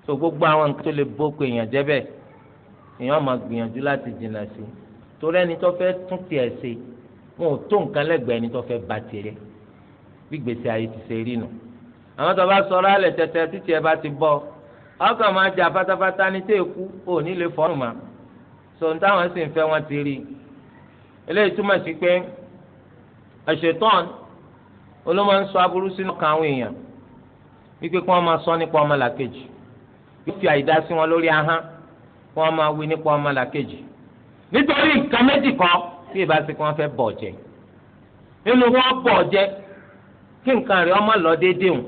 so gbogbo àwọn nǹkan tó lè bó ko èèyàn jẹ́ bẹ́ẹ̀ èèyàn máa gbìyànjú láti jìnnà sí i torí ẹni tó fẹ́ tún tiẹ̀ ṣe wọn ò tó nǹkan lẹ́gbẹ̀ẹ́ ẹni tó fẹ́ ba tiẹ̀ bí gbèsè ayé ti ṣe rí nù àwọn tó bá sọ̀rọ̀ alẹ̀ tẹ̀tẹ̀ títí ẹ bá ti bọ́ ọkàn máa jà pátápátá ní tẹ́ ẹ̀kú ò ní lè fọ́ọ̀nù mà sọ táwọn sì ń fẹ́ wọn ti rí eléyìí túmọ̀ sí pé àṣetán olómọ ń sọ aburú sínú kan àwọn èèyàn wípé kí wọ́n máa sọ nípa ọmọlàkejì yóò fi àìdá sí wọn lórí ahọ́n kí wọ́n máa wí nípa ọmọlàkejì nítorí nǹkan méjì kan tí ìbá sí kí wọ́n fẹ́ bọ̀ jẹ nínú wọn bọ̀ jẹ kí nǹkan rẹ̀ ọmọ lọ déédéé hùn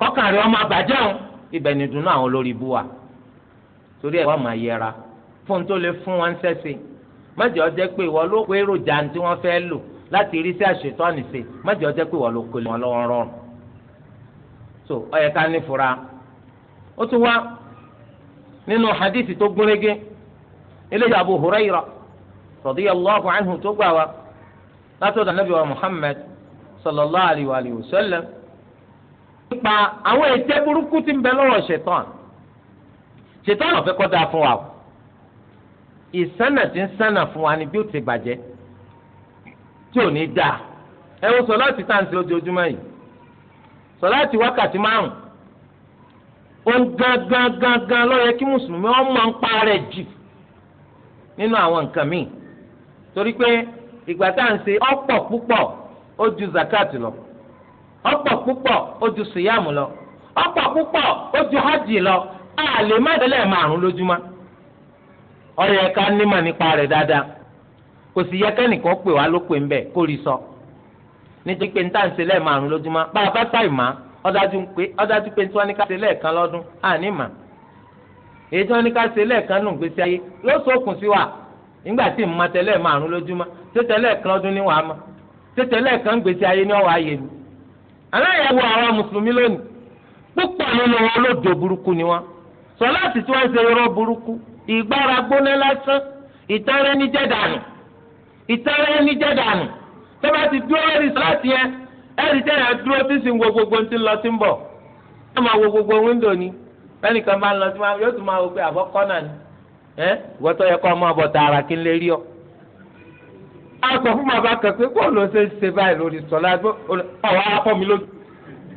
kọ́kàn rẹ̀ ọmọ àbàjẹ́ hùn ibẹ̀ ni dùnú àwọn olórí bú wa torí ẹ̀ wọ́n máa yẹra fún tó lè fún wọn ṣẹ́ṣe mẹ́jọ jẹ́ pé ìwọ ló kó èròjà tí wọ́n fẹ́ lò láti rí sí àṣetọ́ni ṣe mẹ́jọ jẹ́ pé ìwọ ló kó wọn lọ́wọ́ rọrùn so ó yẹ ká nífura ó tún wá nínú hadith tó gúnrégé. eléyìí Abu Hurayra radiyallahu anhu tó gbà wá látọ̀dọ̀ wa sallallahu alayhi wa alihi wa sallam nípa àwọn ètè burúkú tí ń bẹ lọ́wọ́ kọ́ da fún wa o ìsánà tí ń sánà fún wa ni bí ó ti bàjẹ́ tí ò ní dáa ẹ wo ojoojúmọ́ yìí wákàtí márùn-ún ó ń ló kí nínú àwọn nǹkan míì torí pé ìgbà tá à ń ṣe ọ̀pọ̀ púpọ̀ ó ju zakat lọ ọ̀pọ̀ púpọ̀ ó ju siyamu lọ ọ̀pọ̀ púpọ̀ ó ju hajj lọ a lè má délẹ̀ márùn lójúmọ́ ó yẹ nímọ̀ nípa rẹ̀ dáadáa kò sì yẹ kẹ́nìkan pè wá ló pè ń bẹ̀ kó rí sọ nítorí pé níta ń ṣe lẹ́ẹ̀ márùn lójúmọ́ bá a bá sáì má ọ̀dájú pé ọ̀dájú pé tí wọ́n ní ká ṣe lẹ́ẹ̀kan lọ́dún àní mà. èyí tí wọ́n ní ká ṣe lẹ́ẹ̀kan nù gbèsè ayé yóò sókun sí wa nígbà tí márùn tẹtẹlẹ kan ọdún ní ma gbèsè ayé ní ọwọ́ ayé mi àwọn mùsùlùmí lónìí púpọ̀ nínú wọn burúkú ni wọn sọ láti tí ṣe irọ́ burúkú ìgbára gbóná lásán dànù dànù tó bá ti dúró yẹn ẹ̀rí dúró bẹ́ẹ̀ni kan máa ń lọ sí máa yóò tún máa wọ pé àbọ̀kọ́ náà ni ẹ́ ìwọ́tọ̀ yẹ kọ́ ọmọ ọ̀bọ̀ tààrà kí n lè rí ọ. a sọ fún bàbá kan pé kó ló ṣe ń ṣe báyìí lórí sọlá ọwọ́ akọ mi lójú.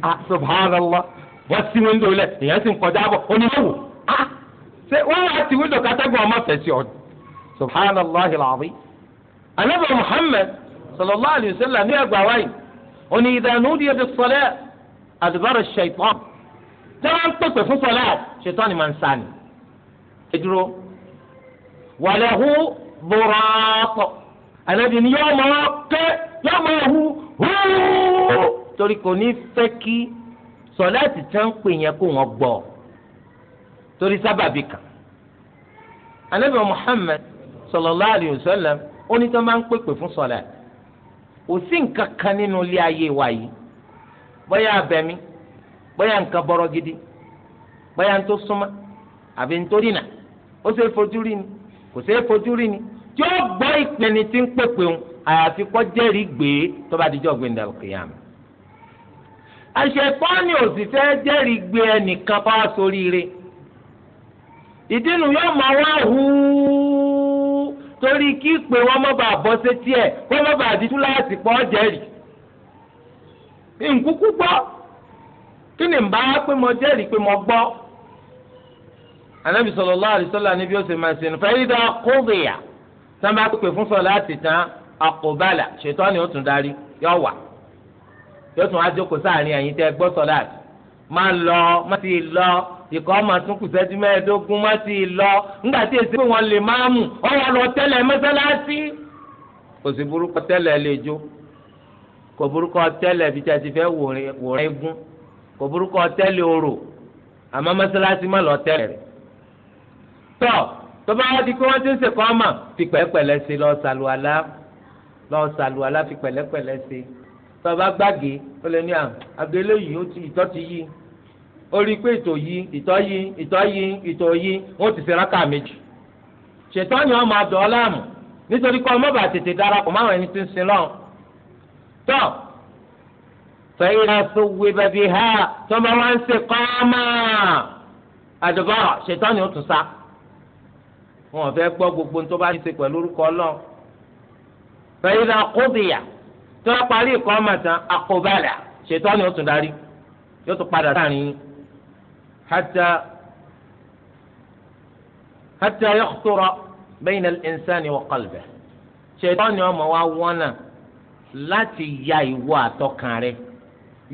a subhanallah wọ́n sí wíńdò lẹ̀ èèyàn sì ń kọjá bọ̀ oníṣòwò a ṣe wọ́n wá ti wíńdò kátàgùn ọmọ fẹ̀sì ọ̀dọ̀ subhanallah alazim. anabi muhammed sallallahu alayhi wa sallam ní ẹgbàá wáyé oní ìdánù dáwọ́ ń pèpè fún sọlá ṣètò ni máa ń sá ni. ẹ dúró wàlẹ́hu bùrọ́kọ̀ ànábì ni yóò máa ké yóò máa hu húúú torí kò ní fẹ́ kí sọlá ti tẹ́ ń pè yẹn kó wọ́n gbọ́ torí sábàbí kan. ànábì Muhammad sallallahu alayhi wa sallam ó ní tó máa ń pèpè fún sọlá kò sí nínú ilé ayé wa yìí bóyá abẹ́mi bóyá nǹkan bọ̀rọ̀ gidi bóyá ń tó súnmọ́ àbí ń tó dìnà ó ṣe fojú rí ni kò ṣe fojú rí ni tí ó gbọ́ ìpinnu tí ń pèpè òun àyàfi kọ́ jẹ́rìí gbé tó bá dijọ́ gbẹ̀ndà kìyàmù. àṣepọ́nì òṣìṣẹ́ jẹ́rìí gbé ẹnìkan bá soríire ìdínú yóò máa wá hu torí kí wọn sétí kí ni bá wá pé mo jẹ́rìí pé mo gbọ́ anabi sọlọ alaihi wasallam níbi ó sì máa ṣe nìfẹ́ yìí dá kóbìyà sábà bá pèpè fún sọlá àti tán ni ó tún darí yọ wà yóò tún jókòó tẹ́ gbọ́ sọlá àti máa lọ má ti lọ ìkọ́ ọmọ tún kù sẹ́jú mẹ́ẹ̀ẹ́dógún má lọ nígbà tí èsì pé wọ́n lè máa mú lọ tẹ́lẹ̀ mọ́sálásí kò sí burúkọ tẹ́lẹ̀ lè jó kò burúkọ tẹ́lẹ̀ a ti fẹ́ wòrán kò burúkú ọtẹ́lẹ̀ orò àmọ́ mọ́sálásí má lọ tẹ́lẹ̀ rẹ̀ tọ́ tọ́ba wá di pé wọ́n ti ń sèkọ́ ọmọ fi pẹ̀lẹ́pẹ̀lẹ́ sí lọ sàlùwàlá lọ sàlùwàlá fi pẹ̀lẹ́pẹ̀lẹ́ sí tọ́ba gbàgé ó lè ní à abẹ́lẹ́ yìí ó ti ìtọ́ ti yí ó rí i pé ìtò yí ìtọ́ yí ìtọ́ yí ìtò yí ó ti ṣe rákà méjì ṣètọ́ni ọmọ àdọ́ ọlá àmọ́ nítorí kọ́ ọmọ bàtètè darapọ̀ máwọn ẹni tí ń sin lọ́hùn fẹ́yìn afẹ́wé bàbí ha tọ́mọ wá ń ṣe kọ́ọ́mà àdùbọ̀rọ̀ ṣètọ́ni ó tún sá. wọn fẹ́ gbọ́ gbogbo tó bá ń ṣe pẹ̀lú orúkọ náà fẹ́yìn akóbìyà tó bá parí ìkọ́ọ́mà tán àkóbàlà ṣètọ́ni ó tún darí yóò tún padà sáàrin yín. hata hata yọ̀kútúrọ̀ bẹ́yìn ẹ̀ńsán ni wọ́n kọ́lbẹ̀ ṣètọ́ni ọmọ wa wọ́n náà láti ya ìwọ àtọkàn rẹ̀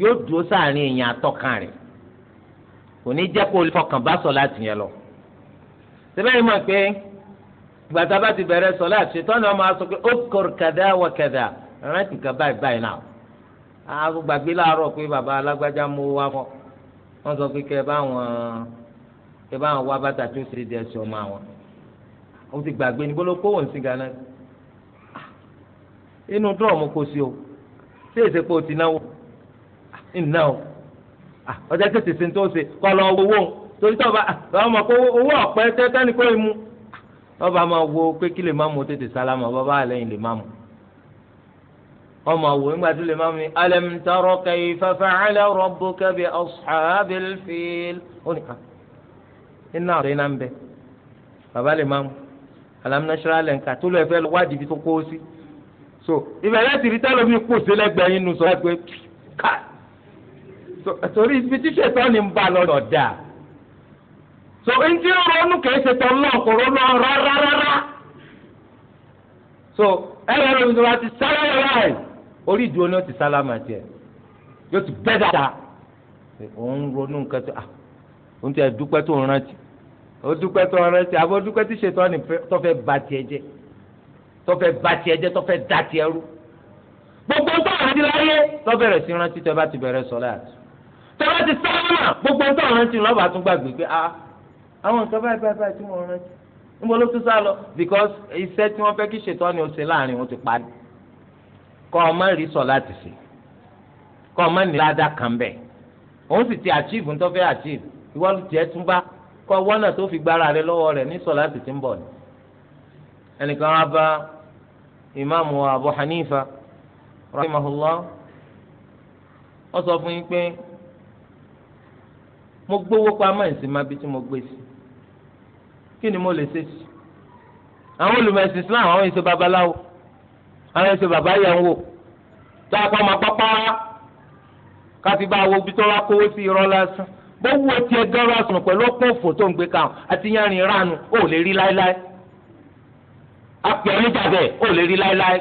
yóò dúró sáàrin èèyàn àtọ́kàn rẹ̀ kò ní jẹ́ kó fọkàn bá sọ láti yẹn lọ. sẹ́bẹ̀rì mọ̀ pé ìgbà bá ti bẹ̀rẹ̀ sọ láti ṣetán ni wọ́n máa sọ pé ó kọ̀rọ̀ kẹ̀dá wọ kẹ̀dá rántí nǹkan báyìí báyìí náà. aago gbàgbé láàárọ̀ pé bàbá alágbájá mú wá fọ́ wọ́n sọ pé kẹ́ báwọn kẹ́ báwọn wá bàtà tó ṣe dẹ̀ sọ máa wọn. ó ti gbàgbé níbo ló kó wọn sí ganan. Ah, inú dúrọ̀mù kò sí o ṣé èsèpò ti náwó ìnà o ọjà tètè sí tó ṣe kọ́ lọ owó torí tọ́ba àwọn ọmọ kó owó ọ̀pẹ tẹ́tẹ́ ní kó imú ọba máa wo pé kí lè má mu tètè sálámà bàbá àlẹ́yìn lè má mu ọmọ àwò nígbà tí lè má mu ni alam tara kayfa fa'ala rabbuka bi ashabil fil ó nìkan iná ọ̀rẹ́ iná ń bẹ bàbá lè má mu alamunasira lẹ nka tó lọ ẹfẹ wádìí bi tó kó o sí so ìbẹ̀rẹ̀ ti rí tẹ́lẹ̀ mi kó nù sọ ẹgbẹ́ ká torí ibi tí ṣètọ́ ni ń bá lọ́dọ̀ so ntí ronú kìí ṣètọ́ náà kò ronú so ẹ̀rọ ẹ̀rọ ti sálámà láì orí ìdúró ni ó ti sálámà tiẹ̀ yóò ti bẹ́ dáadáa òun ronú nǹkan tó ah òun dúpẹ́ tó ń rántí ni tó fẹ́ ba tó fẹ́ ba tó fẹ́ da rú gbogbo lọ́bẹ̀rẹ̀ sí rántí tọ́lá ti sálámà gbogbo nǹkan rántí lọ́ba tún gbàgbé pé a ah, àwọn nǹkan báyìí báyìí báyìí tí mo rántí níbo ló tún sá lọ because iṣẹ́ tí wọ́n fẹ́ kí ṣètọ́ ni o ṣe láàrin wọn ti parí kọ́ ọ má rí sọ láti ṣe kọ́ ọ má ní ládàá kan bẹ̀ òun sì ti achieve ń tó fẹ́ achieve ìwọ tiẹ̀ tún bá kọ́ wọ́nà tó fi gbára rẹ lọ́wọ́ rẹ ní sọ láti ti ń bọ̀ ni ẹnìkan wá bá ìmáàmù Abu Hanifa rahimahullah ó sọ fún yín pé. mo gbówó pamọ́ ẹ̀sìn máa bí tí mo gbé sí kí ni mo lè ṣe sí àwọn olùmọ̀ẹ̀sìn Islam àwọn èso babaláwo àwọn èso bàbá yẹn wò a apá ma pápá káfí bá wo bí tó wá kówó sí irọ́ lásán bó wú ọtí ẹgbẹ́ rà sùn pẹ̀lú ọ̀pọ̀ òfò tó ń gbé kàn àti yanrìn ránu ó lè rí láéláé apẹ̀rẹ̀ jàbẹ̀ ó lè rí láéláé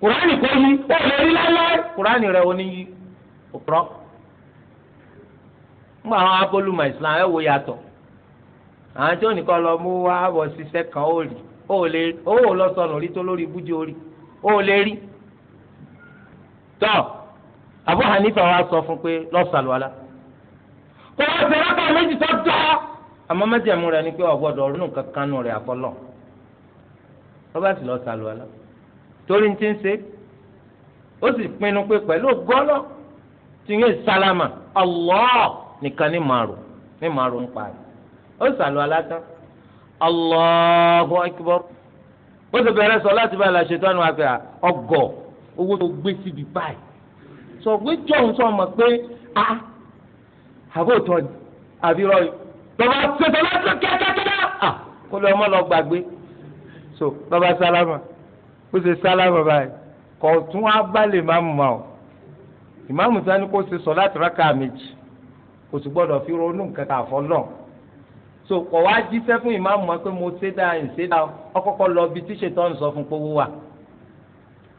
kùránì kò nígbà àwọn abólúmọ̀ islam ẹ̀ e wò yàtọ̀ àwọn tí ò ní kọ́ lọ mú wá wọ ṣiṣẹ́ kan ó rí ó lè rí owó lọ sọnù rí tó lórí ibújẹ orí ó lè rí tọ́ Abu Hanifa wa sọ fún pé lọ́sàlùwalá kò méjì tó dọ́ àmọ́ ni pé ọ̀gbọ́dọ̀ ọ̀rún nǹkan kanú rẹ̀ àfọlọ́ lọ́sàlùwalá torí ti ń ṣe ó sì pinnu pé pẹ̀lú nìkan ní màrún ní màrún ń parí ó sàlù alátán Allahu akbar ó ti bẹ̀rẹ̀ sọ láti bá aláṣẹ tó àwọn àgbẹ̀ ọgọ owó tó gbé síbi báyìí sọ pé jọ̀hún sọ ma pé a àbótọ́ ni àbí rọ́ọ̀yì bàbá ṣètò láti kẹ́kẹ́kẹ́ à kó lè ọmọ lọ gbàgbé so bàbá sálámà ó ṣe sálámà báyìí kò tún wá bá lè má mú ma ìmáàmù sani kò ṣe sọ láti rákà méjì kò sì gbọ́dọ̀ fi ronú nǹkan kan àfọlọ́ so kọ̀ wá jíṣẹ́ fún ìmáàmù pé mo ṣe dáa ń ṣe dáa ọkọ̀kọ̀ lọ bí tíṣe tó ń sọ fún pé owó wà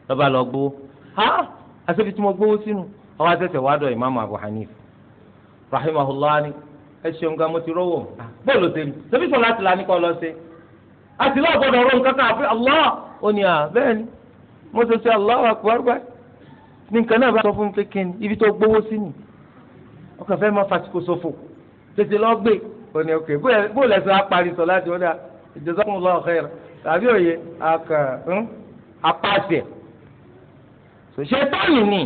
lọ́ba lọ gbowó ha àṣebi tí mo gbowó sínú ọwọ́ àṣẹṣẹ wàá dọ̀ ìmáàmù Abu Hanif rahimahullah ni ẹ ṣeun gan mo ti rówó ah, bóòlù ṣe mi ṣebí sọ láti la ní lọ ṣe àti lọ́ọ̀ gbọ́dọ̀ ro nǹkan kan àfi Allah ó ní à bẹ́ẹ̀ mo ṣe ṣe Allah àkùrẹ́ ní nǹkan náà bá sọ fún mi pé kí ibi tó gbowó sí ọkàn fẹ́ máa fasikò ṣòfò tètè lọ gbé òní òkè bó lẹ́sẹ̀ apari sọ láti ọ̀dà jazakumullahu khairan tàbí òye akàn hmm, apàṣẹ. sòṣè tọ́lì ni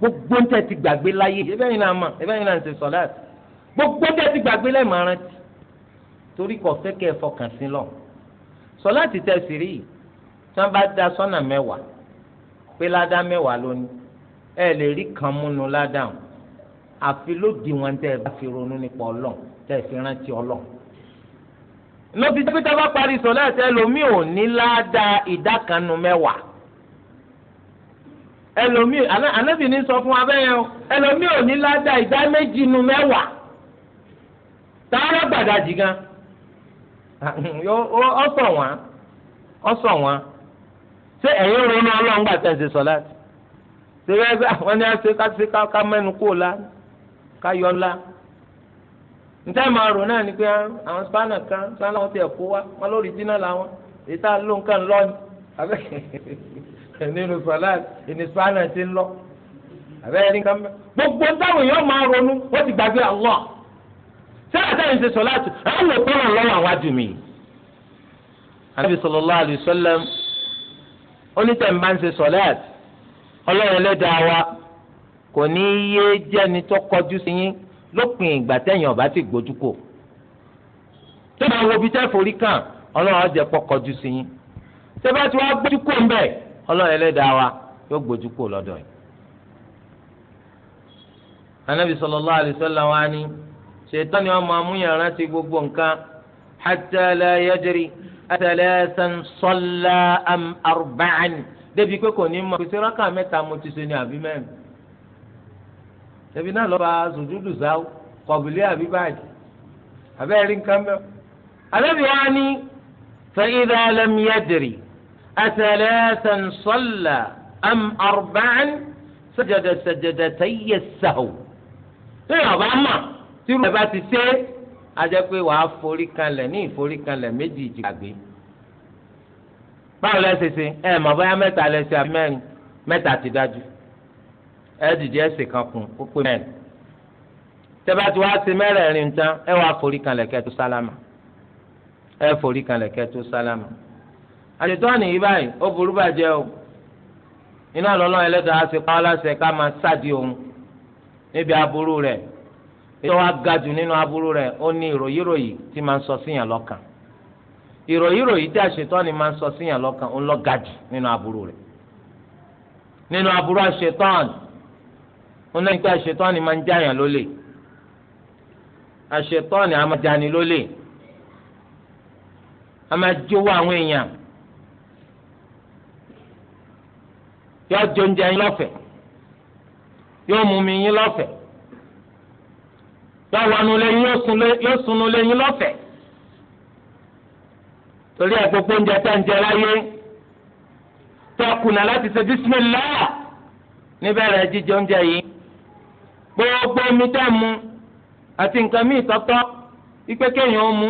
gbogbo ń tẹ̀sí gbàgbé láyé ẹ̀fẹ́ yìí náà mọ̀ ẹ̀fẹ́ yìí náà ń ṣe sọ̀láàtì gbogbo ń tẹ̀sí gbàgbé lẹ́ẹ̀mọ́ arántí torí kò fẹ́ kẹ́ ẹ fọkàn sí lọ. sọ̀láàtì tẹ̀sí rí yìí tí wọ́n bá da sọ́nà mẹ́wàá pé ládá mẹ́wàá lónìí ẹ lè rí kan múnú ládàá àfi lódì wọn tẹ́ ẹ bá fi ronú nípa ọlọ́run tẹ́ ẹ fi rántí ọlọ́run. lóbi tí pété bá parí sọlá ẹsẹ ẹlòmíì ò ní ládàá ìdá kan nu mẹ́wàá ẹlòmíì ànábì ní sọ fún abẹ́yẹn o ẹlòmíì ò ní ládàá ìdá méjì nu mẹ́wàá tààrà gbàdájì gan ọsọ wọn ọsọ wọn ṣé ẹ̀yin ronú ọlọ́run gbà tẹ̀ ń ṣe sọlá ṣe wẹ́ẹ́ sá wọn ni a ṣe ká ṣe ká mẹ́nu kó o lánàá káyọ ńlá níta máa rò náà ni pé àwọn kan wọn ti wa wọn lórí la wọn èyí tá a ló nǹkan lọ ni abẹ́ nínú salad ìní spanner ti lọ abẹ́ ẹni kan mẹ́ gbogbo táwọn èèyàn máa ronú wọ́n ti gbàgbé Allah sẹ́yìn sẹ́yìn ti lọ́wọ́ sọlọ onítẹ̀ ń ṣe kò ní yé jẹ́ni tó kọjú sí yín lópin ìgbà tẹ̀yìn ọ̀bá ti gbójú kò tó bá wo ibi tẹ́ forí kàn ọlọ́run ọ̀jẹ̀ pọ̀ kọjú sí yín tó bá ti wá gbójú kò ń bẹ̀ ọlọ́run ẹlẹ́dàá wa yóò gbójú kò lọ́dọ̀ yìí. anabi sallallahu alaihi wasallam wa ni ṣètọ́ni wọn máa mú yàrá ti gbogbo nǹkan hatta la yajri atalẹ́sán sọ́lá am arba'an débi pé kò ní mọ̀ ṣebí náà lọ́ba sùdúdù sáwó kọ̀bìlì àbí báyìí abẹ́ rí nǹkan mẹ́. àbẹ́bí wa ní fẹ́ẹ́dá lẹ́mìẹ́dìrì àtẹ̀lẹ́sẹ̀ ń sọ́là am arba'an sajada sajada tayé sáwó. ṣé ọba mà tí rúbẹ̀ bá ti ṣe é ajẹ́ pé wàá forí kanlẹ̀ ní ìforí kanlẹ̀ méjì ìjìgbàgbé. báwo lẹ́sẹ̀ ṣe ẹ̀ mọ̀ bóyá mẹ́ta lẹ́sẹ̀ àbí mẹ́rin mẹ́ta ti dájú. ẹ dìde kan kun ó pé mẹ́rin tẹ́bá tí wàá ṣe mẹ́rẹ̀ẹ̀rin tán ẹ wàá forí kanlẹ̀ kẹ́ tó sálámà ẹ forí kanlẹ̀ kẹ́ tó sálámà àṣetọ́ni yìí báyìí ó burú bàjẹ́ o iná lọ́lọ́ ẹlẹ́dàá á ṣe pa ọ́ ká máa sáàdì òun níbi aburú rẹ ètò wa ga jù nínú aburú rẹ̀ ó ní ìròyìnròyìn tí máa ń sọ síyàn lọ́kàn ìròyìnròyìn tí àṣetọ́ni máa ń sọ síyàn lọ́kàn ó ń lọ ga nínú aburú rẹ nínú aburú àṣetọ́ni wọn náà ní pé àṣetọ́ni máa ń jáyàn lólè àṣetọ́ni á máa jáni lólè á máa jówó àwọn èèyàn yóò jó oúnjẹ yín lọ́fẹ̀ẹ́ yóò mú mi yín lọ́fẹ̀ẹ́ yóò wọnú lẹ́yìn yóò sunú lẹ́yìn lọ́fẹ̀ẹ́ torí ẹ̀ gbogbo oúnjẹ tá ń jẹ láyé tó láti ṣe bísímìlá níbẹ̀rẹ̀ jíjẹ oúnjẹ yìí. gbogbo omi tẹ́ mu àti nǹkan míì tọ́tọ́ ipe kéèyàn mu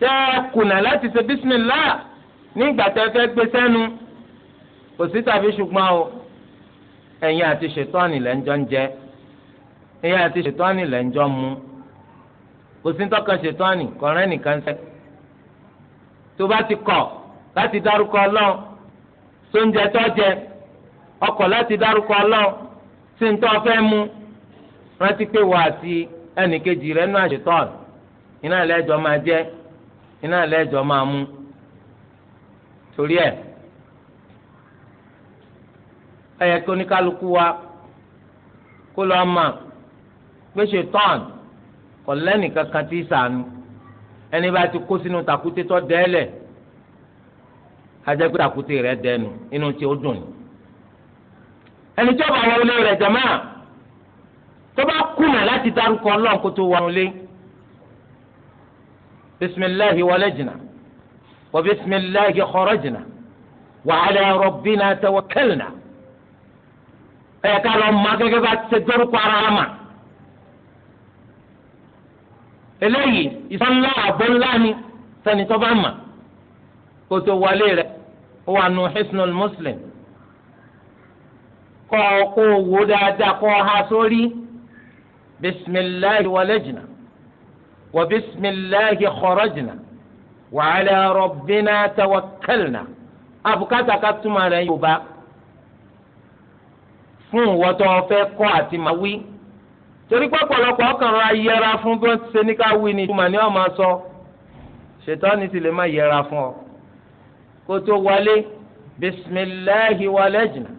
tẹ́ kùnà láti ṣe bísímìlá nígbà tẹ́ fẹ́ gbé sẹ́nu kò sí tàbí ṣùgbọ́n o ẹ̀yin àti ṣètọ́ni lẹ́ ń jọ ń jẹ ẹ̀yin àti ṣètọ́ni lẹ́ ń jọ mu kò sí tọ́kan ṣètọ́ni kọ̀ọ̀rẹ́ nìkan sẹ́ tó bá ti kọ̀ láti dárúkọ ọlọ́run tó ń jẹ tọ́jẹ ọkọ̀ láti dárúkọ ọlọ́run sí ń tọ́ fẹ́ mu rántí pé wọ́n àti ẹnìkejì rẹ̀ nú àṣetọ́n iná lẹ́jọ́ máa jẹ́ iná lẹ́jọ́ máa mú torí ẹ̀ ẹ yẹ kí oníkálukú wa kó lọ́ọ́ mà pé ṣetọ́n kò lẹ́nìkan kan tí ì sànù ẹni bá ti kó sínú tàkúté tó dẹ́lẹ̀ ajẹ́pẹ́ tàkúté rẹ̀ dẹnu inú tí ó dùn ẹni tí ó bá wọlé rẹ̀ jẹ̀ máa tó bá kùnà láti dárúkọ ọlọ́run kó tó wọnú lé bisimilahi walajna wa bisimilahi kharajna wa ala rabbina tawakkalna ẹ ká lọ ma gẹ́gẹ́ bá ti dárúkọ ara ma eléyìí ìsọ̀nlá àbọ̀nlá ni sani tó ma kó tó wọlé rẹ̀ ó wà nù hisnul muslim kọ́ kó wò dáadáa kọ́ ha sórí. So بسم الله ولجنا وبسم الله خرجنا وعلى ربنا توكلنا abukata ka tuma rẹ̀ yorùbá fún ìwọ́tọ̀ ọ̀fẹ́ kọ́ àti máa wí torí pé ọ̀pọ̀lọpọ̀ ọkàn rà yẹra fún bí wọ́n ti ṣe ní ká wí ni ìtumọ̀ ni wọ́n máa sọ ṣètánì sì lè má yẹra fún ọ kó tó wọlé bisimilahi walajna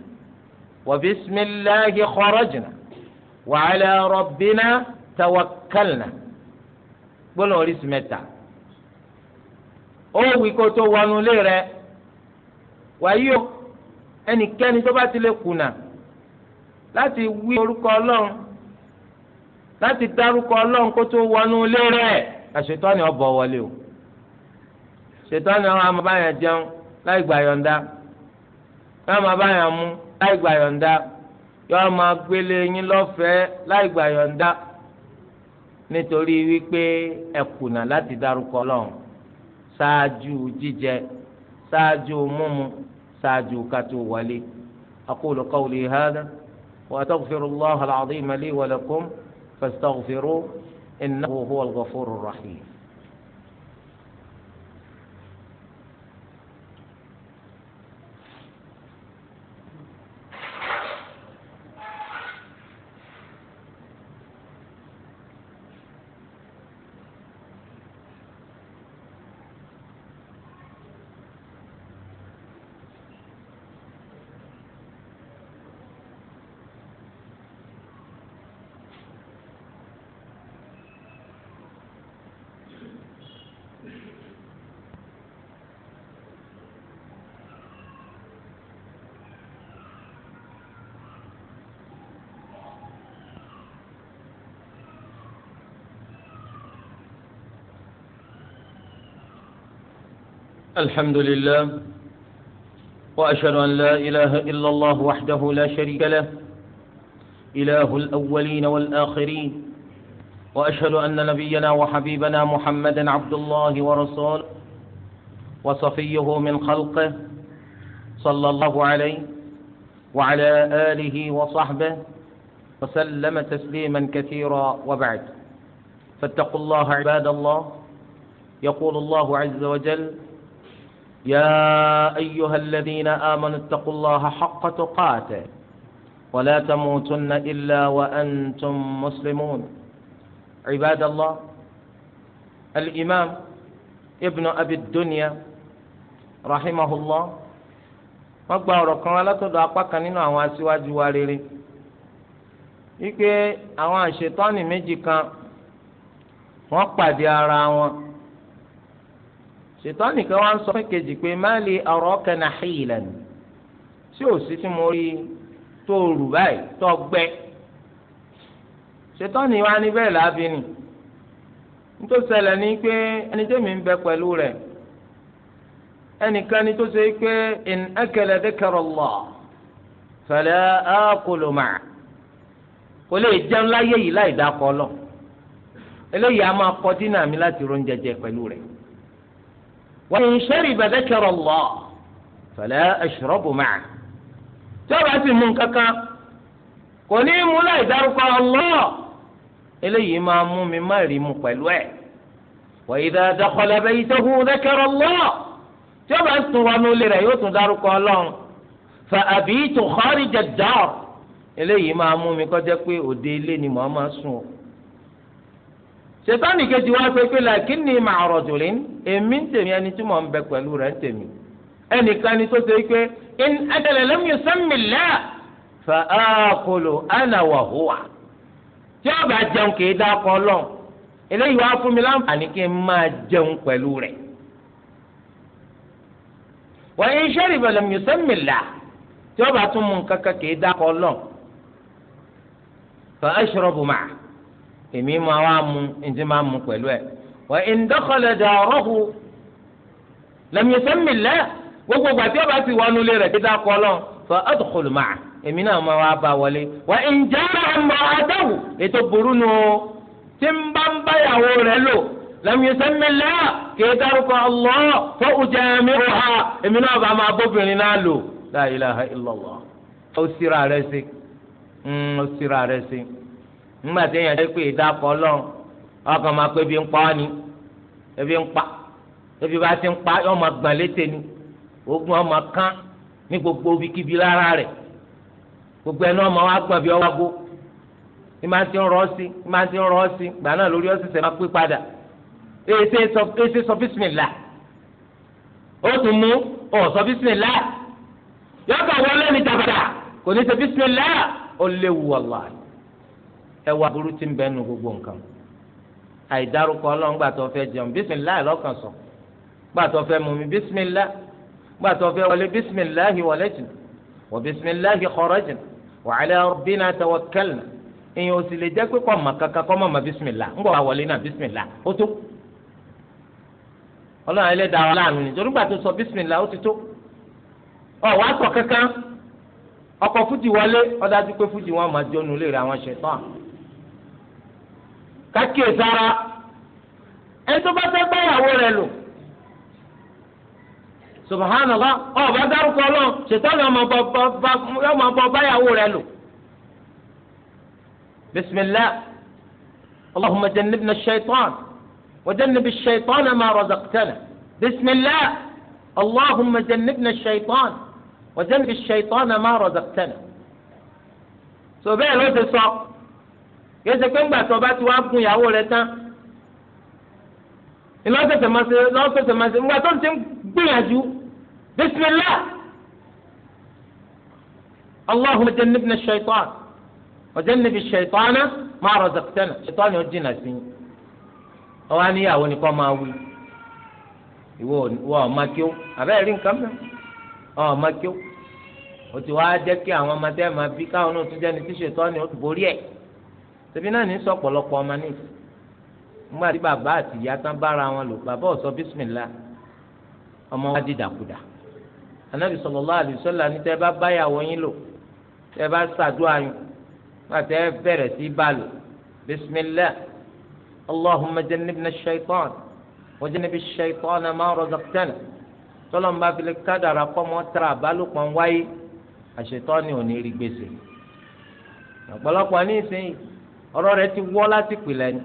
wa bisimilahi kharajna. wa ala rabbina gbọ́dọ̀ oríṣi mẹ́ta ó wí kó tó wọnú lé rẹ wàyí o ẹnikẹ́ni tó bá ti lè kùnà láti wí orúkọ ọlọ́run láti dárúkọ ọlọ́run kó tó wọnú lé rẹ àṣetọ́ni ọ̀bọ̀ wọlé o ṣetọ́ni ọ̀hún jẹun láì gbà yọ̀ǹda mú láì gbà yọ̀ǹda. yọọ máa gbélé yín lọ́fẹ̀ẹ́ láì gbà yọ̀ǹda nítorí wípé ẹ kùnà láti dárúkọ Ọlọ́run ṣáájú jíjẹ ṣáájú mímu ṣáájú kátó wọlé aqulu qawli hadha wa astaghfirullaha al-azima li wa lakum fastaghfiruhu innahu huwal ghafurur rahim. الحمد لله وأشهد أن لا إله إلا الله وحده لا شريك له إله الأولين والآخرين وأشهد أن نبينا وحبيبنا محمدا عبد الله ورسوله وصفيه من خلقه صلى الله عليه وعلى آله وصحبه وسلم تسليما كثيرا وبعد فاتقوا الله عباد الله يقول الله عز وجل يا أيها الذين آمنوا اتقوا الله حق تقاته ولا تموتن إلا وأنتم مسلمون عباد الله الإمام ابن أبي الدنيا رحمه الله مقبع ركنا لا تدعى قاكنين عن سواج واريري wípé àwọn àṣetọ́ni méjì kan wọ́n pàdé ara wọn ṣètọ́ nìkan wá ń sọ fún kejì pé má lè ọ̀rọ̀ kẹna hìlẹ̀n tí ò sí tí mo rí tó ni bẹ́ẹ̀ láàbí ni nítorí ṣẹlẹ̀ ni pé ẹni tẹ́mi ń bẹ pẹ̀lú rẹ̀ ẹnìkan ni tó ṣe pé in akala dhikra Allah kò lè yìí láì lọ eléyìí a máa kọ dínà mi láti ronú وإن شرب ذكر الله فلا أشرب معه ترى منكك kò ní mú láì dárúkọ Allah eléyìí máa mú mi má rí mu pẹ̀lú ẹ̀ wa idha dakhala baytahu dhakara Allah tí ó bá tún wọnú ilé rẹ̀ yóò tún dárúkọ ọlọ́run fa abitu kharija ad-dar eléyìí máa mú mi kọjá pé òde ilé ni màá máa sùn o ṣètọ́nì kejì wá sọ pé làkì ní ìmọ̀ ọ̀rọ̀ jùlẹ̀ ní èmi ń tèmi ẹni tí mò ń bẹ pẹ̀lú rẹ̀ ń tèmi ẹnìkan ni tó ṣe pé in adala lam yusammillah fa akulu ana wa huwa tí ó bá jẹun kì í dákọ lọ eléyìí wá fún mi láǹfààní kí n máa jẹun pẹ̀lú rẹ̀ wa in shariba lam yusammillah tí ó bá tún mu nǹkan kan kì í dákọ lọ fa ashrabu ma'a èmi máa wá mu ntí máa mu pẹ̀lú ẹ̀ wọ́n ìndọ́kọ̀lẹ̀ dà ọ̀rọ̀ hù lẹ́mìísẹ́mì lẹ́ gbogbo ìgbà tí ọba ti wọnú ilé rẹ̀ dídá kọ́ lọ fọ ọdọkọlù máa èmi náà máa wá bá wọlé wọ́n ìjẹ́ ọmọ adáwò ètò burú nu tí ń bá ń báyàwó rẹ̀ lò lẹ́mìísẹ́mì lẹ́ kì dárúkọ ọlọ́ fọ́ ọjà mi rò ha èmi náà bá máa bóbìnrin náà lò láyé láhà ìlọ́wọ́ ó nígbà tí èèyàn jẹ́ pé ìdákọ̀ ọlọ́run ọkàn máa pé ebi ń pa ọ́ ni ebi ń pa ebi bá ti ń pa yọ máa gbọ̀n létè ni ogun ọmọ kán ní gbogbo ibikíbi lára rẹ̀ gbogbo ẹni ọmọ wa gbọ̀n bí ọwọ́ ago ní máa ti ń rọ́ sí ní máa ti ń rọ́ sí gbà náà lórí ọ̀sísẹ́ máa pé padà èsè sọ èsè sọ bísímìlà ó tún mú ọ̀ sọ bísímìlà yọkọ̀ wọlé ní tàbàdà kò ní sọ bísímìlà ó léwu wàlláhì ẹ wá burú tí ń bẹ nu gbogbo nǹkan àìdárúkọ ọlọ́run gbà tó fẹ́ jẹun bísímìlá lọ́kàn sọ gbà tó fẹ́ mumi bísímìlá gbà tó fẹ́ wọlé bísímìlá hi wọlé jìn wọ bísímìlá hi kọrọ jìn wà á lẹ bínú àtàwọn kẹlẹ èèyàn ò sì lè jẹ́ pé kọ́ mà kankan kọ́ mọ̀ mà bísímìlá ń bọ̀ wá wọlé náà bísímìlá ó tó ọlọ́run ẹlẹ́dàá wa láàánú ni torí gbà tó sọ bísímìlá ó ti tó ọ wá sọ kankan ọkọ̀ fújì wọlé ó pé fújì wọn máa jónú lè ra àwọn ṣẹ̀tán kákìí sára ẹni tó bá fẹ́ báyàwó rẹ̀ lò subhanallah bá dárúkọ Ọlọ́run ṣètọ́nù ọmọ bọ báyàwó rẹ̀ lò bismillah allahumma jannibna ash-shaytan wa jannib ash-shaytana ma razaqtana bismillah allahumma jannibna ash-shaytan wa jannib ash-shaytana ma razaqtana. sọ bẹ́ẹ̀ ló ti sọ. kìí ṣe pé ńgbà tó bá ti wá gun ìyàwó rẹ tán ìlọ́sẹ̀sẹ̀ máa ṣe lọ́sẹ̀sẹ̀ máa ṣe ńgbà tó ti ń gbìyànjú bísímilá allahumma jannibna shaitan wa jannibi shaitana ma razaqtana shaitan yóò jìnnà sí i ọwọ́ aníyàwó ni kò máa wí ìwọ ìwọ ọ̀ma kí ó àbẹ́rẹ́ rí nǹkan mẹ́ ọ̀ma kí ó o ti wá jẹ́ kí àwọn ọmọdé máa bí káwọn náà tún jẹ́ ni tíṣe ni ó ti borí ẹ̀ tẹbi náà ní sọpọlọpọ ọmọ ní nígbà tí bàbá àti ìyá tán bára wọn lò bàbá ọsọ bísímìlá ọmọ wa di dàkúdà anabi sallallahu alaihi wasallam ní tẹ bá báyàwó yín lò tẹ bá ṣàdúrà yín wọn àti ẹ bẹ̀rẹ̀ sí bá lò bísímìlá allahumma jannibna shaitan wa jannibi shaitan ma razaqtana tọlọm bá fi lè kádàrà kọmọ ọ̀rọ̀ rẹ̀ ti wọ́ láti pìlẹ̀ ni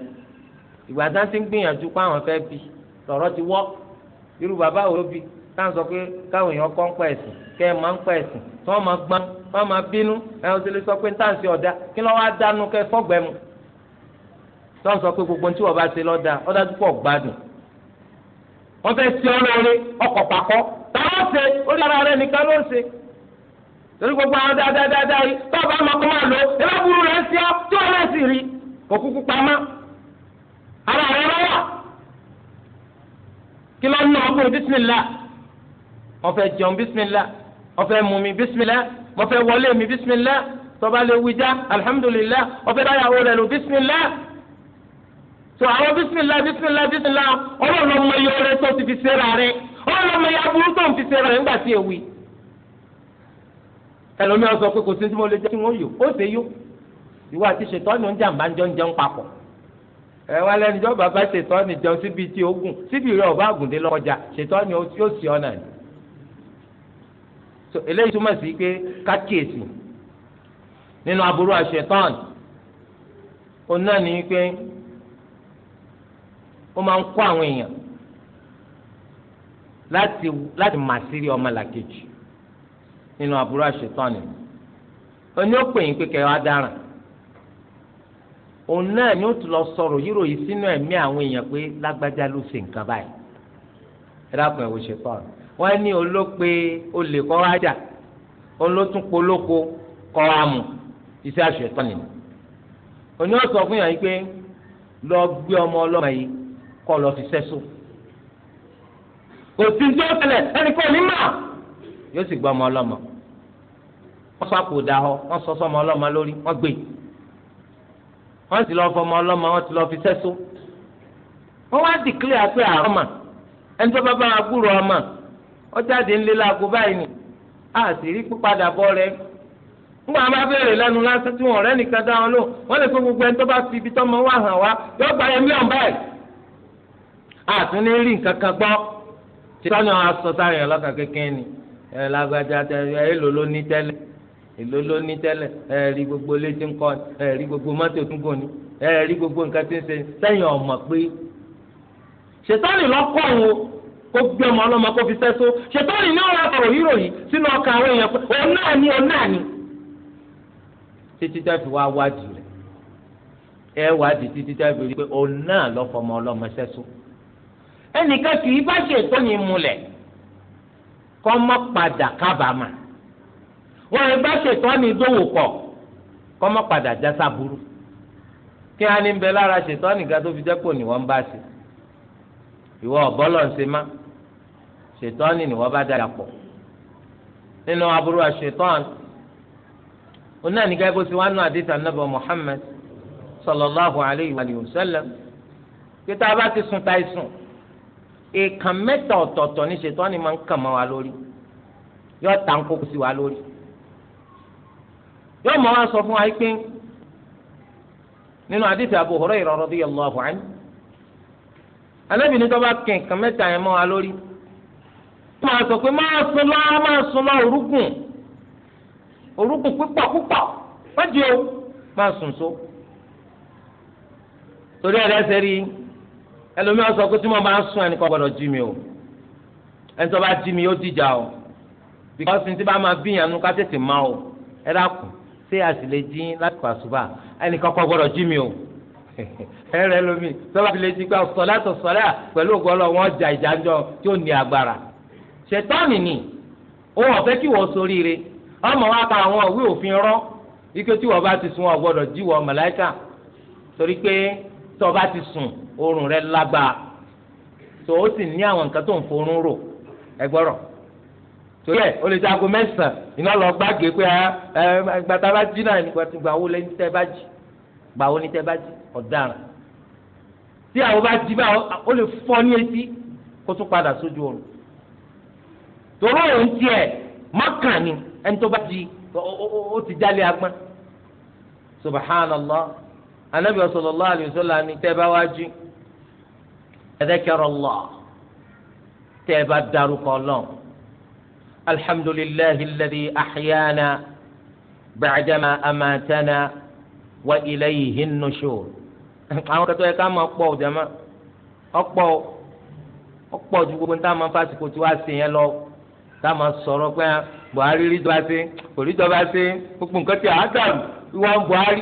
ìgbà tá ti ń gbìyànjú pé àwọn fẹ́ bí lọ̀rọ̀ ti wọ́ irú bàbá wo ló bí táwọn sọ pé káwọn èèyàn kọ́ ń pẹ̀ ẹ̀sìn kẹ́ ẹ̀ máa ń pẹ̀ ẹ̀sìn tí wọ́n máa gbọ́n wọ́n máa bínú ẹ̀ ọ́n ti lè sọ pé táǹsì ọ̀dà kí lọ́wọ́ á dánú kẹ́ fọ́gbẹ́ mu tí wọ́n sọ pé gbogbo tí wọ́n bá ṣe lọ́dà ọ̀dà tó pọ̀ gbádùn wọ́n fẹ́ ṣe ọlọ́ọ̀rẹ́ ọkọ̀ pàkọ́ táwọn ṣe ó dára torí gbogbo àwọn dáadáa yìí tó o bá mọ kó máa lò ẹ bá burú rẹ̀ ń sí ọ tí wọ́n lè sì rí kò kúkú pamọ́ ara rẹ̀ lọ́wọ́ kí ló ń ná ọkùnrin bísímìlá wọ́n fẹ́ jẹun bísímìlá wọ́n fẹ́ mú mi bísímìlá wọ́n fẹ́ wọlé mi bísímìlá tọ́ba lè wíjà alihamudulilayi wọ́n fẹ́ báyàwó rẹ̀ lò bísímìlá tó àwọn bísímìlá bísímìlá bísímìlá ọlọ́run ọmọ iye ọrẹ tó ti fi ṣe rà rẹ ọlọ́run ọmọ iye ẹlòmíràn sọ pé kò sí tí mo lè jẹ́ kí wọ́n yò ó ṣe yó ìwọ àti ṣètọ́ ni ó ń jà máa ń jọ ń jẹun papọ̀ ẹ wá lẹ́nu jọ́ bàbá ṣètọ́ ni jẹun síbi tí ó gùn síbi rẹ̀ ọba àgùndé lọ́kọjà ṣètọ́ ni yóò sì ọ̀nà ni. eléyìí túmọ̀ sí pé kákíyèsí nínú aburú àṣetán òun náà ní pé ó máa ń kó àwọn èèyàn láti láti màsírí ọmọlàkejì nínú aburú àṣetọ́ni oní ó pè yín pé wá dáràn òun náà ni ó tún lọ sọ̀rọ̀ yíró yìí sínú ẹ̀mí àwọn èèyàn pé lágbájá ló ṣe nǹkan báyìí wọn ní olópe olè kọ́ wá jà kọ́ wá iṣẹ́ oní fún yàn pé lọ gbé ọmọ ọlọ́mọ yìí kọ́ lọ fi kò sí tẹ̀lẹ̀ ẹnì kan yóò sì gbọ́ ọmọ ọlọ́mọ wọ́n sọ àpò dahọ́ wọ́n sọ sọmọ ọlọ́mọ lórí wọ́n gbé wọ́n sì lọ fọmọ ọlọ́mọ wọ́n ti lọ fi sẹ́só wọ́n wá dìklẹ́ àpé àrọ́ mà ẹni tó bá bá wa gbúrò ọmọ ọjáde ńlẹ́ láago báyìí ni a sì rí pípadà bọ́ rẹ ngbà máa béèrè lẹ́nu lásán tí wọn ọ̀rẹ́ nìkan dá wọn lò wọ́n lè fún gbogbo ẹni tó bá fi ibi tọ́mọ wà hàn wá yóò gba ẹmí ọ̀n báyìí àtúní nǹkan kan gbọ́ tí wọ́n ní sáré ọlọ́kàn kékeré ni ẹ lágbájá tẹ́lẹ̀ ẹ lò ló ní tẹ́lẹ̀ èlò ló ní tẹ́lẹ̀ ẹ rí gbogbo létí ń kọ́ ẹ rí gbogbo mọ́tò tún gòní ẹ rí gbogbo nǹkan tí ń ṣe sẹ́yìn ọ̀mọ̀ pé ṣètọ́nì lọ́kọ̀ wo kó gbé ọmọ ọlọ́mọ kó fi sẹ́só ṣètọ́nì ní ọ̀rọ̀ àtọ̀rọ̀ yìí ròyìn sínú ọkàn àwọn èèyàn pé òun náà ni òun náà ni. títí tá fi wá wádìí rẹ̀ ẹ wádìí títí tá fi rí pé òun náà lọ́fọmọ ọlọ́mọ sẹ́só ẹnìkan kì í bá ṣètọ́nì kọ́mọ́ padà kábàámà wọ́n ẹ bá ṣètọ́ni dówò pọ̀ kọ́mọ́ padà jásá burú kí á ní bẹ lára ṣètọ́ni ga tó fi jẹ́ pò ní wọ́n bá ṣe ìwọ ọ̀bọ́lọ̀ ń ṣe má ṣètọ́ni ni wọ́n bá dára pọ̀ nínú aburú àṣetọ́ni onáà ní gẹ́gẹ́ bó ṣe wá nù àdìsá nàbọ̀ Muhammad sallallahu alayhi wa sallam kí tá a bá ti sùn tá a sùn èèkàn mẹ́ta ọ̀tọ̀ọ̀tọ̀ ní ṣètò wọn ni máa ń kàn mọ́ wa lórí yóò ta ń kókó sí wa lórí yóò mọ wá sọ fún wa pé nínú àdìsí Abu Hurairah radiyallahu anhu anábìnrin tó bá kẹ nǹkan mẹ́ta yẹn mọ́ wa lórí ó máa sọ pé máa sun lọ máa sun lọ orúkùn orúkùn púpọ̀ púpọ̀ wọ́n jẹ́ o máa sùn so torí ẹ̀rẹ́ sẹ́rí yìí ẹlòmíràn sọ pé tí mo bá ń sùn ẹnìkan gbọ́dọ̀ jí mi o ẹni tó bá jí mi ó dìjà o bíkọ́sì tí bá máa bíyànjú ká tètè má o ẹ dákun ṣé àṣìlè jí láti pàṣùbà ẹnìkan kọ́ gbọ́dọ̀ jí mi o ẹ rẹ lómi tó bá tilẹ̀ jí gbà sọ̀lá tó sọ̀lá pẹ̀lú ògbọ́lọ̀ wọn jà ìjàjọ tí ó ní agbára ṣètọ́nì ni òun ọ̀fẹ́ kí wọ́n soríire ọmọ wa ka àwọn òwe òfin rọ́ ike tí wọ́n bá ti sun ọ̀gbọ́dọ̀ jí wọ́n màláíkà torí pé tó o bá ti sùn oorun rẹ lágbàá tó o sì ní àwọn nǹkan tó ń forún rò ẹ gbọ́rọ̀ torí ẹ o lè ta aago mẹ́sàn-án iná lọ gbàgé pé ah, ẹ gbàtà bá jí náà nígbà tí gbàwó lẹ ní tẹ bá jí gbàwó ní tẹ bá jí ọ̀daràn tí àwọn bá jí báwọn o lè fọ́ ní etí kó tún padà sójú oorun torí òun tiẹ̀ mọ́kàn ni ẹni tó bá jí o ti jálé agbọ́n subhanallah anabi sallallahu alayhi wa sallam ni tẹ́ bá wá jí tadhakkarallah tẹ́ bá darúkọ lọ́n alhamdulillahi alladhi ahyana ba'dama amatana wa ilayhi nushur àwọn kẹtọ yẹ ká máa pọ̀ jama ọ̀pọ̀ ọ̀pọ̀ ju gbogbo níta máa fásitì kò tí wàá sè yẹn lọ tá a máa Buhari rí jọba sí kò rí jọba sí gbogbo nǹkan Buhari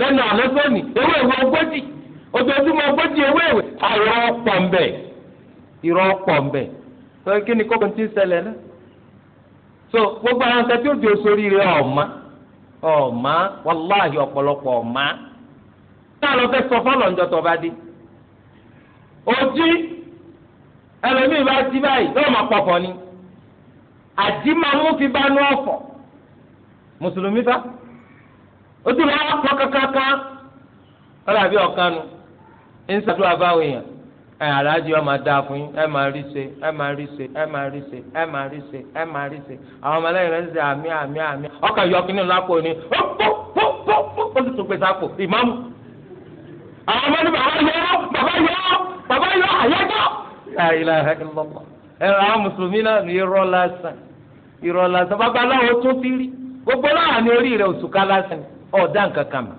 lẹ́nu àná sóni ewu ìwé ogójì ewu kí ni kókò so gbogbo àwọn tí oṣù oríire ọ̀ma ọ̀ma wàláhì ọ̀pọ̀lọpọ̀ ọ̀ma tá a lọ fẹ́ sọ fọlọ̀ tó bá àdìmọ́ mú fi bá nú ọ̀fọ̀ mùsùlùmí ojú rẹ̀ á pọ̀ kankankan ọ̀rọ̀ àbí ọ̀kan nu ń sàdúrà báwọn èèyàn ẹ aláàjì ọmọ adá fún yín ẹ máa rí ṣe ẹ máa rí ṣe ẹ máa rí ṣe ẹ máa rí ṣe ẹ máa ọ̀dà nǹkan kan mọ̀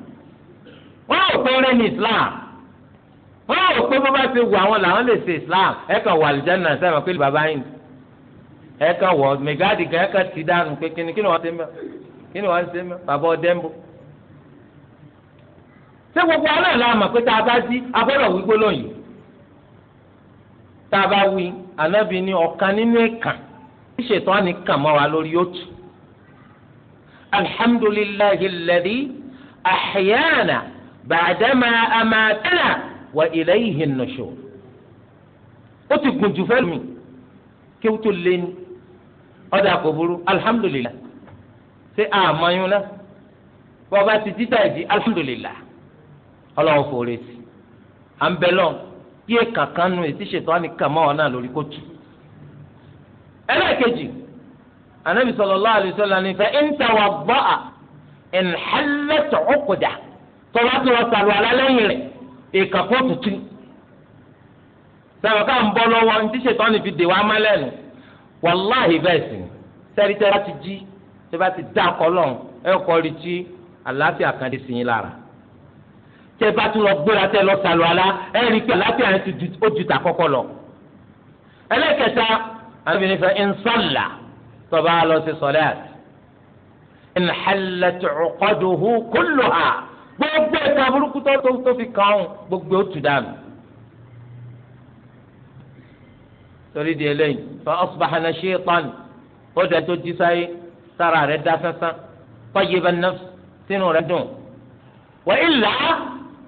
wọ́n ò pé rẹ́ ní islam wọ́n ò pé bó bá ti wù àwọn làwọn lè ṣe islam ẹ kàn wà àlùjánnà sẹ́wọ̀n pé bàbá yín ẹ kàn wọ̀ mẹgáàdì kan ẹ kàn ti dànù pé kíni kíni wọ́n ṣe mọ́ kíni wọ́n ṣe mọ́ bàbá ọ̀dẹ́mbò ṣé gbogbo alẹ́ la mọ̀ pé tá a bá jí a gbọ́dọ̀ wí gbólóyìn tá a bá wí ànábì ni ọ̀kan nínú ẹ̀kan ṣètò àníkàn mọ́ wa lórí yóò tù الحمد لله الذي أحيانا بعدما أماتنا وإليه النشور ó ti gùn jù fẹ́ mi kí ó tó lé ní ọ̀dà kò burú alhamdulillah ṣé àmọ́yún náà bọ́ba ti títà ìdí alhamdulillah ọlọ́run fòrè sí à ń bẹ lọ́n yíyẹ kankan nu ètí ṣètò ànìkàn mọ́ ọ náà lórí kóòtù ẹlẹ́ẹ̀kejì. anabi sallallahu alaihi wasallam ní fa in gbaa in hallat 'uqdah tọba tí wọn sàlù alálẹyìn rẹ ìkàkọ tutù sọ̀rọ̀ ká ń bọ́ lọ́wọ́ ntí ṣètọ́ ni fi dè wá mọ́lẹ́nu wàláhì bẹ́ẹ̀ sì ni bá ti jí tẹ́ bá ti dá ẹ àlàáfíà kan ti sìn lára tẹ́ bá tún lọ gbéra lọ ẹ rí pé ti ju tọba lọ sí sọlẹt in halat uqaduhu kulluha gbogbo ẹ̀ka burúkú tó tó fi kàn án gbogbo ó tù dànù. torí di eléyìí fa asbaha nashitan ó dẹ tó jí sáyé sára rẹ̀ dá sánsán tayyiban nafs sínú rẹ̀ dùn. wa illa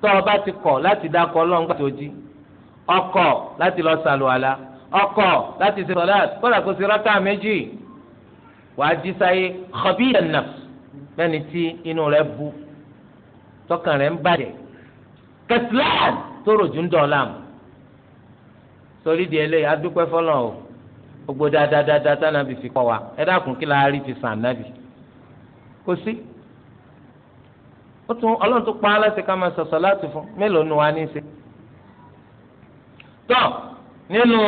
tọba ti kọ̀ láti dákọ̀ lọ́ngbà tó jí ọkọ̀ láti lọ sàlùwàlà ọkọ̀ láti ṣe sọlẹt kó dà kó sí rákà méjì wàá jí sáyé khabila nafs mẹ́ni tí inú rẹ̀ bu tọkàn rẹ̀ ń bàjẹ́ kẹsìlán tó rojú ń dán láàmú sórí di eléyìí adúpẹ́ fọlọ́ o gbogbo dáadáa tánàbì fi kọ́ wa ẹ dákun kí la rí sàn nábì kò sí ọlọ́run tó pa á láti ká máa sọ̀sọ̀ láti fún mélòó nu wa ní í tọ́ nínú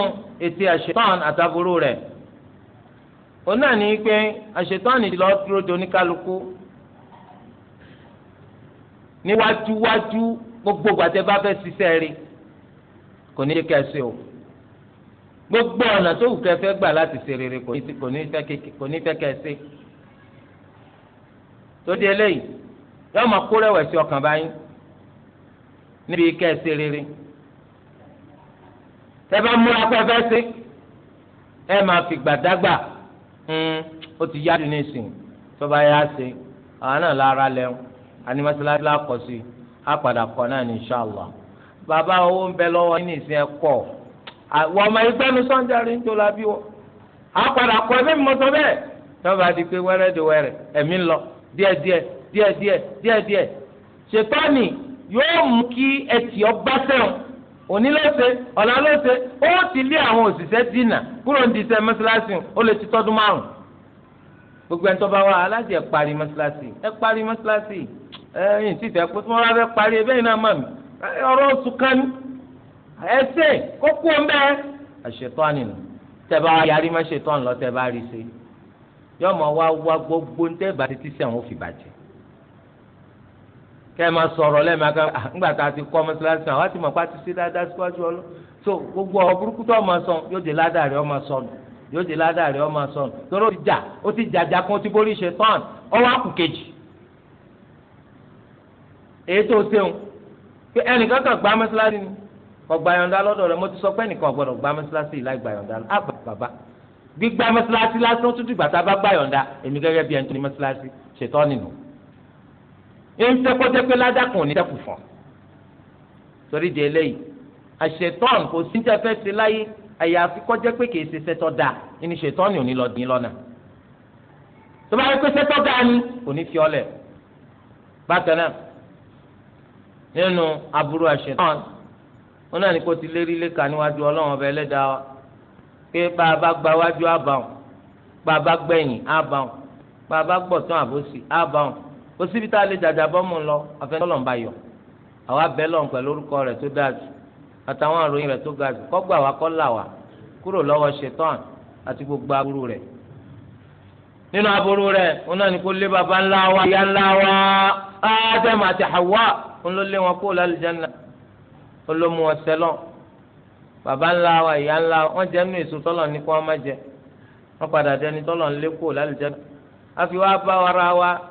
ètí àṣetán àtàbúrú rẹ̀ òun náà ní pé àṣetán ìdílọ́ dúró ni oníkálukú níwájúwájú gbogbo gbàtẹ́ bá fẹ́ ṣiṣẹ́ rí kò ní kẹ́ ẹ ṣe o gbogbo ọ̀nà tó wù kẹ́ fẹ́ gbà láti ṣe rere kò ní fẹ́ kẹ́ ẹ ṣe tó di eléyìí yóò máa kó rẹ̀wẹ̀sì ọkàn báyìí níbi kẹ́ ẹ rere tẹ́ bá múra pé ẹ fẹ́ ṣe ẹ máa fi gbàdágbà. Hmm, ó ti yá dunu ìsìn tó yá sí àwọn náà lára lẹ́wọ̀n bàbá owó ń bẹ lọ́wọ́ ìsìn ẹ̀ kọ́ bí wọ́n di pé wẹ́rẹ́ di lọ díẹ̀díẹ̀ díẹ̀díẹ̀ díẹ̀díẹ̀ òní ló ṣe ọ̀la ló ṣe ó ti lé àwọn òṣìṣẹ́ dínà kúrò ní iṣẹ́ mọ́ṣáláṣí ó lè ti tọ́dún márùn. gbogbo ẹni tó bá wà aláàjì ẹ parí mọ́ṣáláṣí ẹ parí mọ́ṣáláṣí ẹ yìí ti fẹ́ pé tí wọ́n bá fẹ́ parí ẹ bẹ́ẹ̀ náà mọ̀ mí ọ̀rọ̀ oṣù kan ẹ ṣe kó kú ọ mẹ́ àṣetọ́ nínú tẹ bá yarí mọ́ṣetọ́ ńlọ tẹ bá rí ṣe yọmọ wá wá gbogbo ń kẹ́ ẹ máa sọ̀rọ̀ lẹ́ẹ̀ma ká ńgbà ah, tá a ti kọ́ mọ́sálásí àwọn àti màpá ti ṣe dáadáa síwájú ọlọ́ so gbogbo ọ̀ burúkú tó ọmọ sọ yóò di ládàá rẹ̀ ọmọ sọnù yóò di ládàá rẹ̀ ọmọ sọnù torí ó ti jà ó ti jàjà kan ó ti borí ṣe tán ọwọ́ àkù kejì èyí tó ṣeun pé ẹnìkan kan gba mọ́sálásí ni kò gba yọ̀ǹda lọ́dọ̀ rẹ̀ mo ti sọ pé ẹnìkan gbọ́dọ̀ gba mọ́sálásí láì gba yọ̀ǹda àbá bàbá gbígbá mọ́sálásí lásán tútù bàtà bá gba yọ̀ǹda èmi gẹ́gẹ́ bí ẹni tó ní mọ́sálásí ṣètọ́ nínú ń fẹ́ kọjá pé ládàkùn ní dẹ́kun fún torí di eléyìí àṣetọ́n kò sí jẹ́ fẹ́ sí láyé àyàfi kọjá pé kìí ṣe sẹ́tọ́ da ní ṣetọ́n ò ní lọ dín lọ́nà tó bá yẹ pé sẹ́tọ́ da ni kò ní fi ọlẹ̀ bákan náà nínú aburú àṣetọ́n wọn náà ní kó ti lérí léka níwájú ọlọ́run ọba ẹlẹ́dàá wa pé bá a bá gba wájú àbàwọ̀n bá a bá gbẹ̀yìn àbàwọ̀n bá a bá gbọ̀tán àbòsí àbàwọ̀n kò síbi tá a lè dàdà bọ́mù lọ àfẹnudọ́lọ́n bá yọ àwa bẹ́ lọ́n pẹ̀lú orúkọ rẹ̀ tó dáa jù àtàwọn àròyìn tó ga jù wa kọ́ là wá kúrò lọ́wọ́ ṣetán àti gbogbo aburú rẹ̀ nínú aburú rẹ̀ wọn náà kó lé baba ńlá wa ìyá ńlá wa ádámù àti Hawa ń ló lé wọn kó lálùjáná ó ló mú wọn sẹ́lọ̀ baba ńlá wa ìyá ńlá wa wọ́n jẹ́ nínú èso tọ́lọ̀ ní kó wọ́n má jẹ wọ́n padà dẹni tọ́lọ̀ ń lé kó lálùjáná àfi wá bá wa ra wa.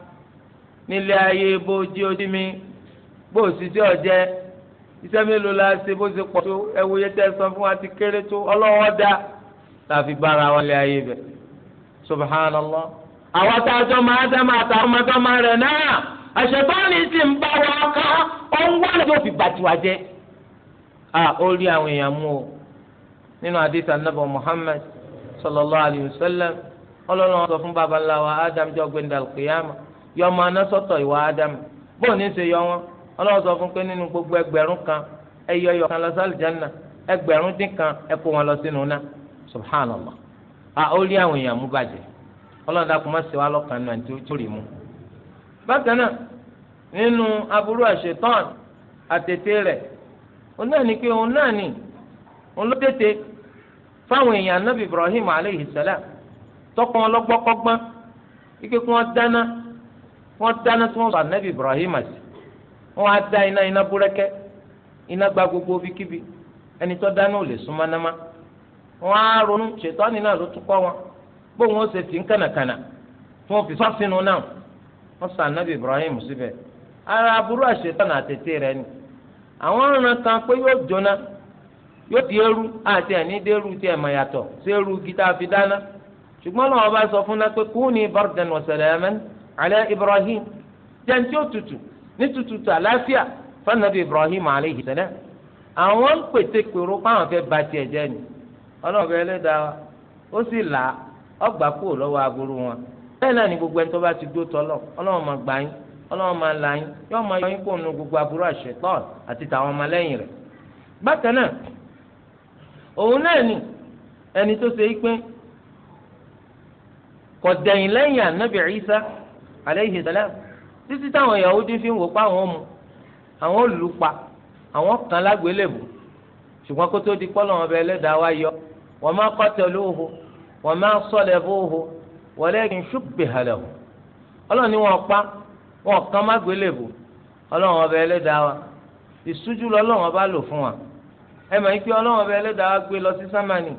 nílé ayé bó jí ojú mi bó sì tí ọjẹ iṣẹ́ mélòó la ṣe bó ṣe pọ̀ tó san ti kéré tó ọlọ́wọ́ ayé bẹ̀ subhanallah. tá a ta ọmọ tó máa rẹ̀ náà àṣetọ́ni sì ń bá wa ká a ó rí àwọn èèyàn mú o nínú àdìsá nàbọ muhammed sallallahu alayhi wa ọlọ́run sọ fún babaláwa Adam yọ ọmọ aná sọ́tọ̀ ìwà ádámù bóun ní ṣe yọ wọn ọlọ́wọ́ sọ fún pé nínú gbogbo ẹgbẹ̀rún kan ẹ yọ yọ kan lọ sí àlùjánnà ẹgbẹ̀rún dín kan ẹ wọn lọ sínú náà subhanallah a ó rí àwọn èèyàn mú bàjẹ́ ọlọ́run dàkún má ṣe wá lọ́kàn náà tí ó rí mu. bákan náà nínú aburú àṣetán àtètè rẹ̀ òun náà ni pé òun náà ni òun ló tètè fáwọn èèyàn anábì Ibrahim aleyhi salam tọkàn ọlọ́gbọ́kọ́gbọ́n ike kí wọ́n dáná wọ́n dáná tí sọ anabi ibrahim wọ́n á dá iná iná búrẹ́kẹ́ iná gba gbogbo bíkíbi ẹni tó dáná ò lè súnmọ́ námá wọ́n á ronú ṣètọ́ni náà ló tún wọn bó wọn ṣe fi ń kànàkànà fi sínú náà anabi ibrahim síbẹ̀ ara aburú rẹ ni àwọn kan pé yóò jóná yóò di eru àti ẹni sí eru gita fi dáná ṣùgbọ́n lọ́wọ́ bá sọ fún náà pé ala ibrahim jẹ́ntì òtútù ní tutù àlàáfíà ibrahim aleyhi sẹlẹ àwọn ń fáwọn fẹ́ ba tiẹ̀ jẹ́ ni ọlọ́ọ̀bẹ ẹlẹ́dàá ó sì là ọgbà kúrò lọ́wọ́ wọn bẹ́ẹ̀ náà ni gbogbo ẹni tó bá ti dó tọ́lọ̀ ọlọ́wọ́n máa gbà yín máa là yín yóò máa kó nu gbogbo aburú àti tàwọn rẹ̀ bákan náà òun náà ni ẹni tó ṣe aleyhi salam títí táwọn Yahudi fi ń wò pa àwọn mu àwọn olùpa àwọn kan lágbélébù ṣùgbọ́n kó tó di pọ́lọ́ wọn bẹ ẹlẹ́dàá wa yọ wa ma qataluhu wa ma salabuhu walakin shubbiha lahu ọlọ́ọ̀ni wọn pa wọn kan má gbélébù ọlọ́wọ́n ọba ẹlẹ́dàá wa ìṣújú lọ́lọ́wọ́n ọba lò fún wa ẹ mọ̀ ikú ọlọ́wọ́n ọba ẹlẹ́dàá wa gbé lọ sí sámánì.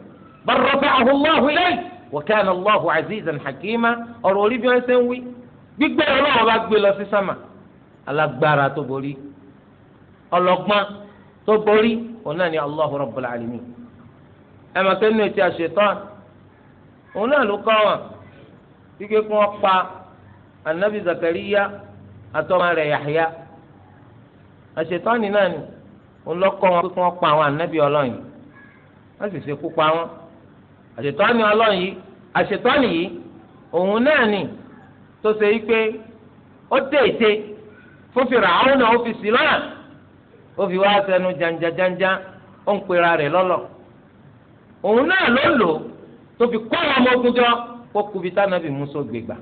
bàrọ̀bà àhùnmáhùn lẹ́yìn wa kana Allahu azizan gbígbé ọlọ́run bá gbé lọ sí sámà alágbára tó borí ọlọ́gbọ́n tó borí òun náà ni Allahu Rabbul Alamin ẹ máa kẹ́ nínú etí àṣetán òun náà ló kọ́ wọn kíkẹ́ kí wọ́n pa anabi Zakariya àtọ́mọ rẹ̀ Yahya àṣetán ni náà ni òun lọ kọ́ wọn kí wọ́n pa àwọn anabi ọlọ́yin wọ́n sì ṣe kú pa wọn àṣetán ni ọlọ́yin àṣetán nìyí òun náà ni. tose ikpe o pé ó dé ète fún Fìràwọn náà ó fi sí lọ́nà ó fi wá sẹnu pera òun náà ló lò fi ọmọ kó kubi tánàbì Musa gbégbà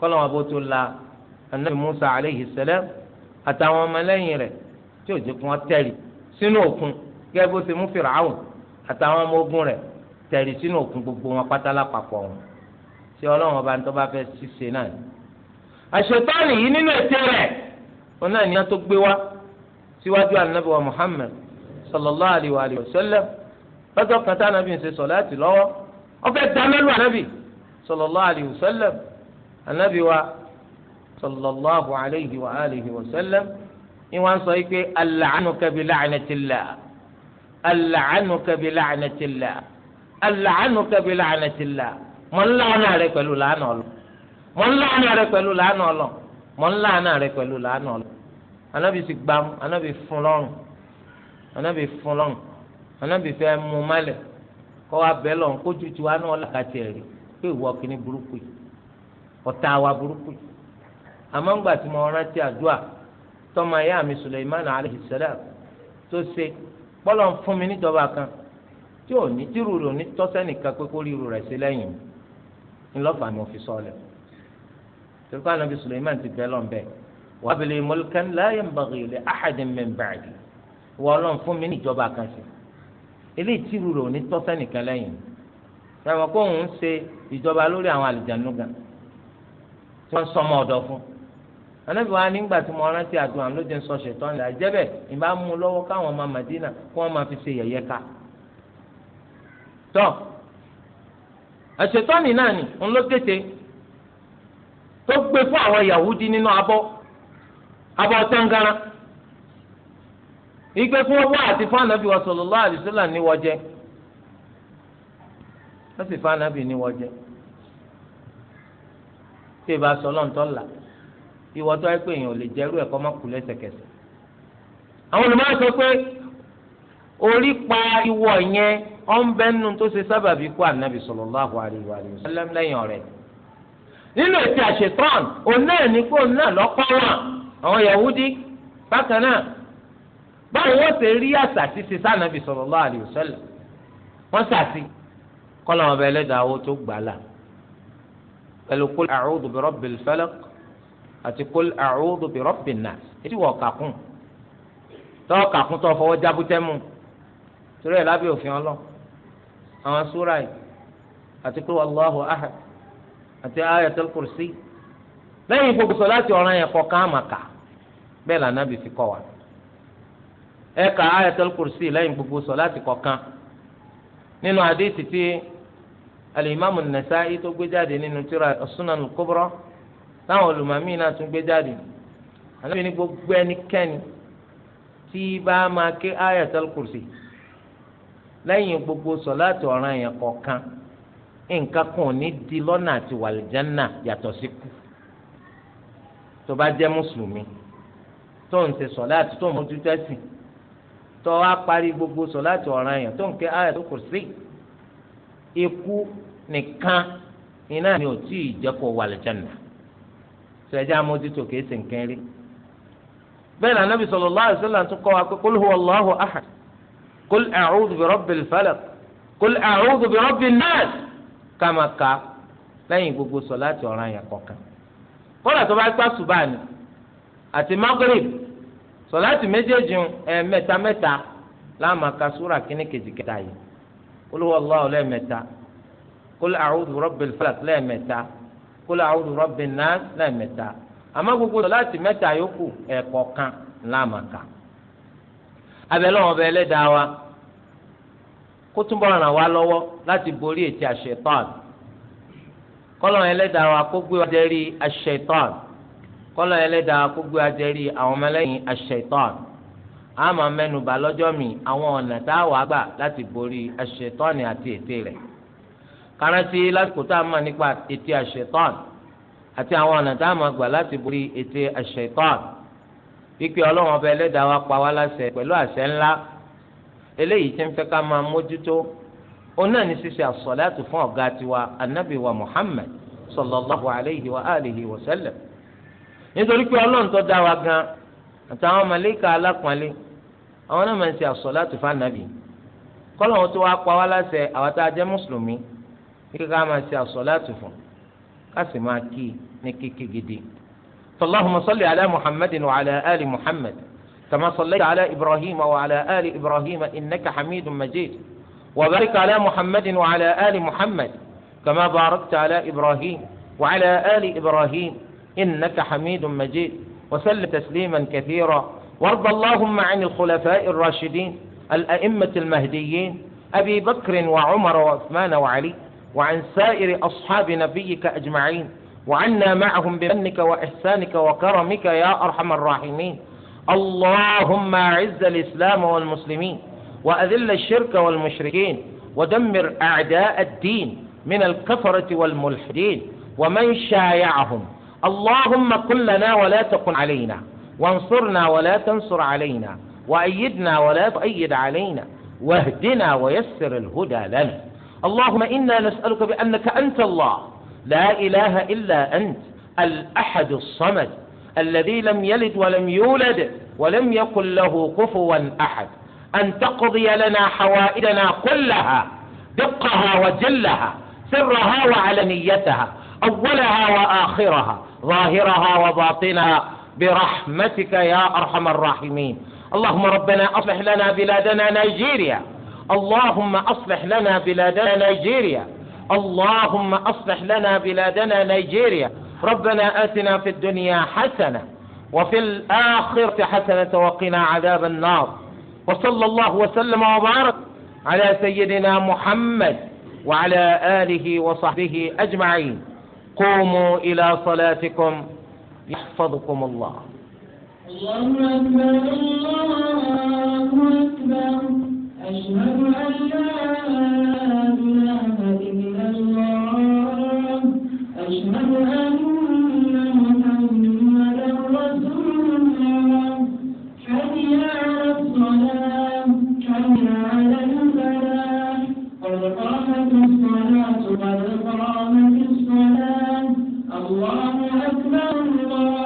kọ́lọ́ wọn la anabi Musa aleyhi sẹlẹ̀ àtàwọn ọmọlẹ́yìn re tí ò jẹ́ wọn wọ́n sínú òkun gẹ́gẹ́ bó ṣe mú ọmọ ogun sínú òkun gbogbo wọn pátá lápapọ̀ tí ọlọ́run ọba tó bá fẹ́ ṣiṣẹ́ náà ni. àṣetọ́nì yìí nínú ètè rẹ̀ wọn náà ní wọn tó gbé wá síwájú anabi wa muhammed sallallahu alayhi wa alayhi wa sallam lọ́jọ́ kan tá anabi ń ṣe sọ̀láàtì lọ́wọ́ ọbẹ̀ dámẹ́lú anabi sallallahu alayhi wa sallam anabi wa sallallahu alayhi wa alayhi wa sallam ni wọ́n sọ yìí pé alàánúkà bi làánàtìlá alàánúkà bi làánàtìlá alàánúkà bi làánàtìlá. mọ ńlá ọ̀nà rẹ pẹ̀lú làánà ọlọ mọ ńlá ọ̀nà rẹ pẹ̀lú mọ ọ̀nà rẹ pẹ̀lú anabi sì gbam anabi fún lọ́rùn anabi fún lọ́rùn anabi fẹ́ mú malẹ̀ kọ́ wa bẹ́ẹ̀ lọ́rùn kó tutù wa náà ọ̀là kàtì ẹ̀rí pé ìwọ kìíní burúkú yìí ọ̀tá wa burúkú yìí àmọ́ tí mo rántí àdúrà Suleiman ńlọ́fà ni mo fi sọ́ọ̀lẹ̀ torí pé anabi suleiman ti bẹ́ẹ̀ lọ́nbẹ́ wàbìlì mọ́lùkán láàyè ń bàgì ilé àhàdì mẹ́mbàdì wọ́n lọ́n fún mi ní ìjọba kan sí ilé ìtìrú rẹ̀ ò ní tọ́ sẹ́nìkan lẹ́yìn ẹ̀wọ̀n kó òun ṣe ìjọba lórí àwọn àlìjánu gan tí wọ́n sọmọ ọ̀dọ̀ fún anabi wa nígbà tí mo rántí àdúrà ló jẹ́ sọ ṣètọ́ àṣetọ́ni náà ni òun tó gbé fún àwọn Yahudi nínú abọ́ abọ́ tángara ìgbé fún ọwọ́ àti fún anabi wa sallallahu alaihi wasallam wọ́n sì fún anabi ní tí ìbá sọ lọ́ntọ́ là ìwọ tó ẹ pé èèyàn ò lè jẹ́rú ẹ̀kọ́ má kú lẹ́sẹ̀kẹsẹ̀ àwọn olùmọ̀ọ́ sọ pé orí pa ìwọ yẹn ọ̀n bẹ́ nínú tó ṣe sábàbí kú ànábì sallallahu alaihi wa sallam lẹ́yìn ọ̀rẹ́ nínú ètò àṣetán òun náà ní kó òun náà lọ́kọ́ wọn àwọn Yahudi bákan náà báwo wọ́n ṣe rí àṣà ṣíṣe sànàbì sallallahu alaihi wa sallam wọ́n ṣàṣì kọ́lọ́ wọn bẹ ẹlẹ́dàá owó tó gbà là pẹ̀lú kul a'udhu bi rabbil àwọn súra yìí àti kúrò Allahu ahad àti ayatul kursi lẹ́yìn gbogbo sọláàtì ọ̀ràn yẹn kọ̀ọ̀kan àmàkà bẹ́ẹ̀ lànà bí fi kọ́ wa ẹ ka ayatul kursi lẹ́yìn gbogbo sọláàtì kọ̀ọ̀kan nínú àdéhìtì tí alimami nasa'i tó gbé jáde nínú tírà as-sunan al-kubra táwọn olùmọ̀mí náà tún gbé jáde àlọ́ gbogbo ẹnikẹ́ni tí bá máa ké ayatul kursi lẹ́yìn gbogbo sọ̀láàtì ọ̀ràn yẹn kọ̀ọ̀kan nǹkan kan ò ní di lọ́nà àti wàlìjánà yàtọ̀ sí kú tó bá jẹ́ mùsùlùmí tó ń ṣe sọ̀láàtì tó ń mójú tẹ́sìn tó wá parí gbogbo sọ̀láàtì ọ̀ràn yẹn tó ń kẹ́ ayọ̀ tó kù sí ikú nìkan iná ni ò tí ì jẹ́ wàlìjánà sọ̀rọ̀jà mójútó kìí sì ń kẹ́rin bẹ́ẹ̀ ni anábì sallallahu alaihi wasallam tó kọ́ wa pé kul a'udhu bi rabbil falaq kul a'udhu bi rabbin nas kàmàkà lẹ́yìn gbogbo sọ̀láàtì ọ̀ranyàn kọ̀ọ̀kan kódà tó bá gbà ṣùbà ni àti magrib sọ̀láàtì méjèèjì ẹ̀ẹ̀mẹ́ta mẹ́ta láàmàkà súrà kínní kejì kẹta yìí kul huwallahu lẹ́ẹ̀mẹ́ta kul a'udhu bi rabbil falaq lẹ́ẹ̀mẹ́ta kul a'udhu bi rabbin nas lẹ́ẹ̀mẹ́ta àmọ́ gbogbo sọ̀láàtì mẹ́ta yòókù ẹ̀ẹ̀kọ̀ọ̀kan láàmàkà abẹ́lẹ́ wọn bẹ ẹlẹ́dàá wa kó túnbọ̀ ràn wá lọ́wọ́ láti borí ètí àṣetán kọ́lọ́n ẹlẹ́dàá wa kó gbé wa jẹ́rí àṣetán kọ́lọ́n ẹlẹ́dàá wa kó gbé wa jẹ́rí àwọn ọmọlẹ́yìn àṣetán àmọ́ mẹ́nubà lọ́jọ́ mi àwọn ọ̀nà tá a wà gbà láti borí àṣetán àti ète rẹ̀ káràntì lásìkò tá a mọ̀ nípa ètí àṣetán àti àwọn ọ̀nà tá a mọ̀ gbà láti borí ète àṣetán ikpe ọlọ́run ọba ẹlẹ́dàá wa pa wá láṣẹ pẹ̀lú àṣẹ ńlá eléyìí tí ń fẹ́ ká máa mójútó òun náà ní ṣíṣe àsọ̀láàtù fún ọ̀gá tiwa anabi wa muhammed sallallahu alayhi wa alihi wa sallam nítorí pé ọlọ́run tó dá wa gan àtàwọn màlàíkà alápọ̀nlé àwọn náà máa ń ṣe àsọ̀láàtù fún anabi kọ́lọ́run tó wá pa wá láṣẹ àwọn tá a jẹ́ mùsùlùmí kíkà máa ṣe àsọ̀láàtù fún ká sì ní kíkí فاللهم صل على محمد وعلى آل محمد كما صليت على إبراهيم وعلى آل إبراهيم إنك حميد مجيد وبارك على محمد وعلى آل محمد كما باركت على إبراهيم وعلى آل إبراهيم إنك حميد مجيد وسلم تسليما كثيرا وارض اللهم عن الخلفاء الراشدين الأئمة المهديين أبي بكر وعمر وعثمان وعلي وعن سائر أصحاب نبيك أجمعين وعنا معهم بمنك وإحسانك وكرمك يا أرحم الراحمين اللهم أعز الإسلام والمسلمين وأذل الشرك والمشركين ودمر أعداء الدين من الكفرة والملحدين ومن شايعهم اللهم كن لنا ولا تكن علينا وانصرنا ولا تنصر علينا وأيدنا ولا تؤيد علينا واهدنا ويسر الهدى لنا اللهم إنا نسألك بأنك أنت الله لا إله إلا أنت الأحد الصمد الذي لم يلد ولم يولد ولم يكن له كفوا أحد أن تقضي لنا حوائجنا كلها دقها وجلها سرها وعلنيتها أولها وآخرها ظاهرها وباطنها برحمتك يا أرحم الراحمين اللهم ربنا أصلح لنا بلادنا نيجيريا اللهم أصلح لنا بلادنا نيجيريا اللهم أصلح لنا بلادنا نيجيريا ربنا آتنا في الدنيا حسنة وفي الآخرة حسنة وقنا عذاب النار وصلى الله وسلم وبارك على سيدنا محمد وعلى آله وصحبه أجمعين قوموا إلى صلاتكم يحفظكم الله الله أكبر الله أكبر أشهد أن لا إله إلا الله أشهد أن محمدا رسول الله حي على الصلاة حي على الفلاح قد قامت الصلاة قد قامت الصلاة الله أكبر الله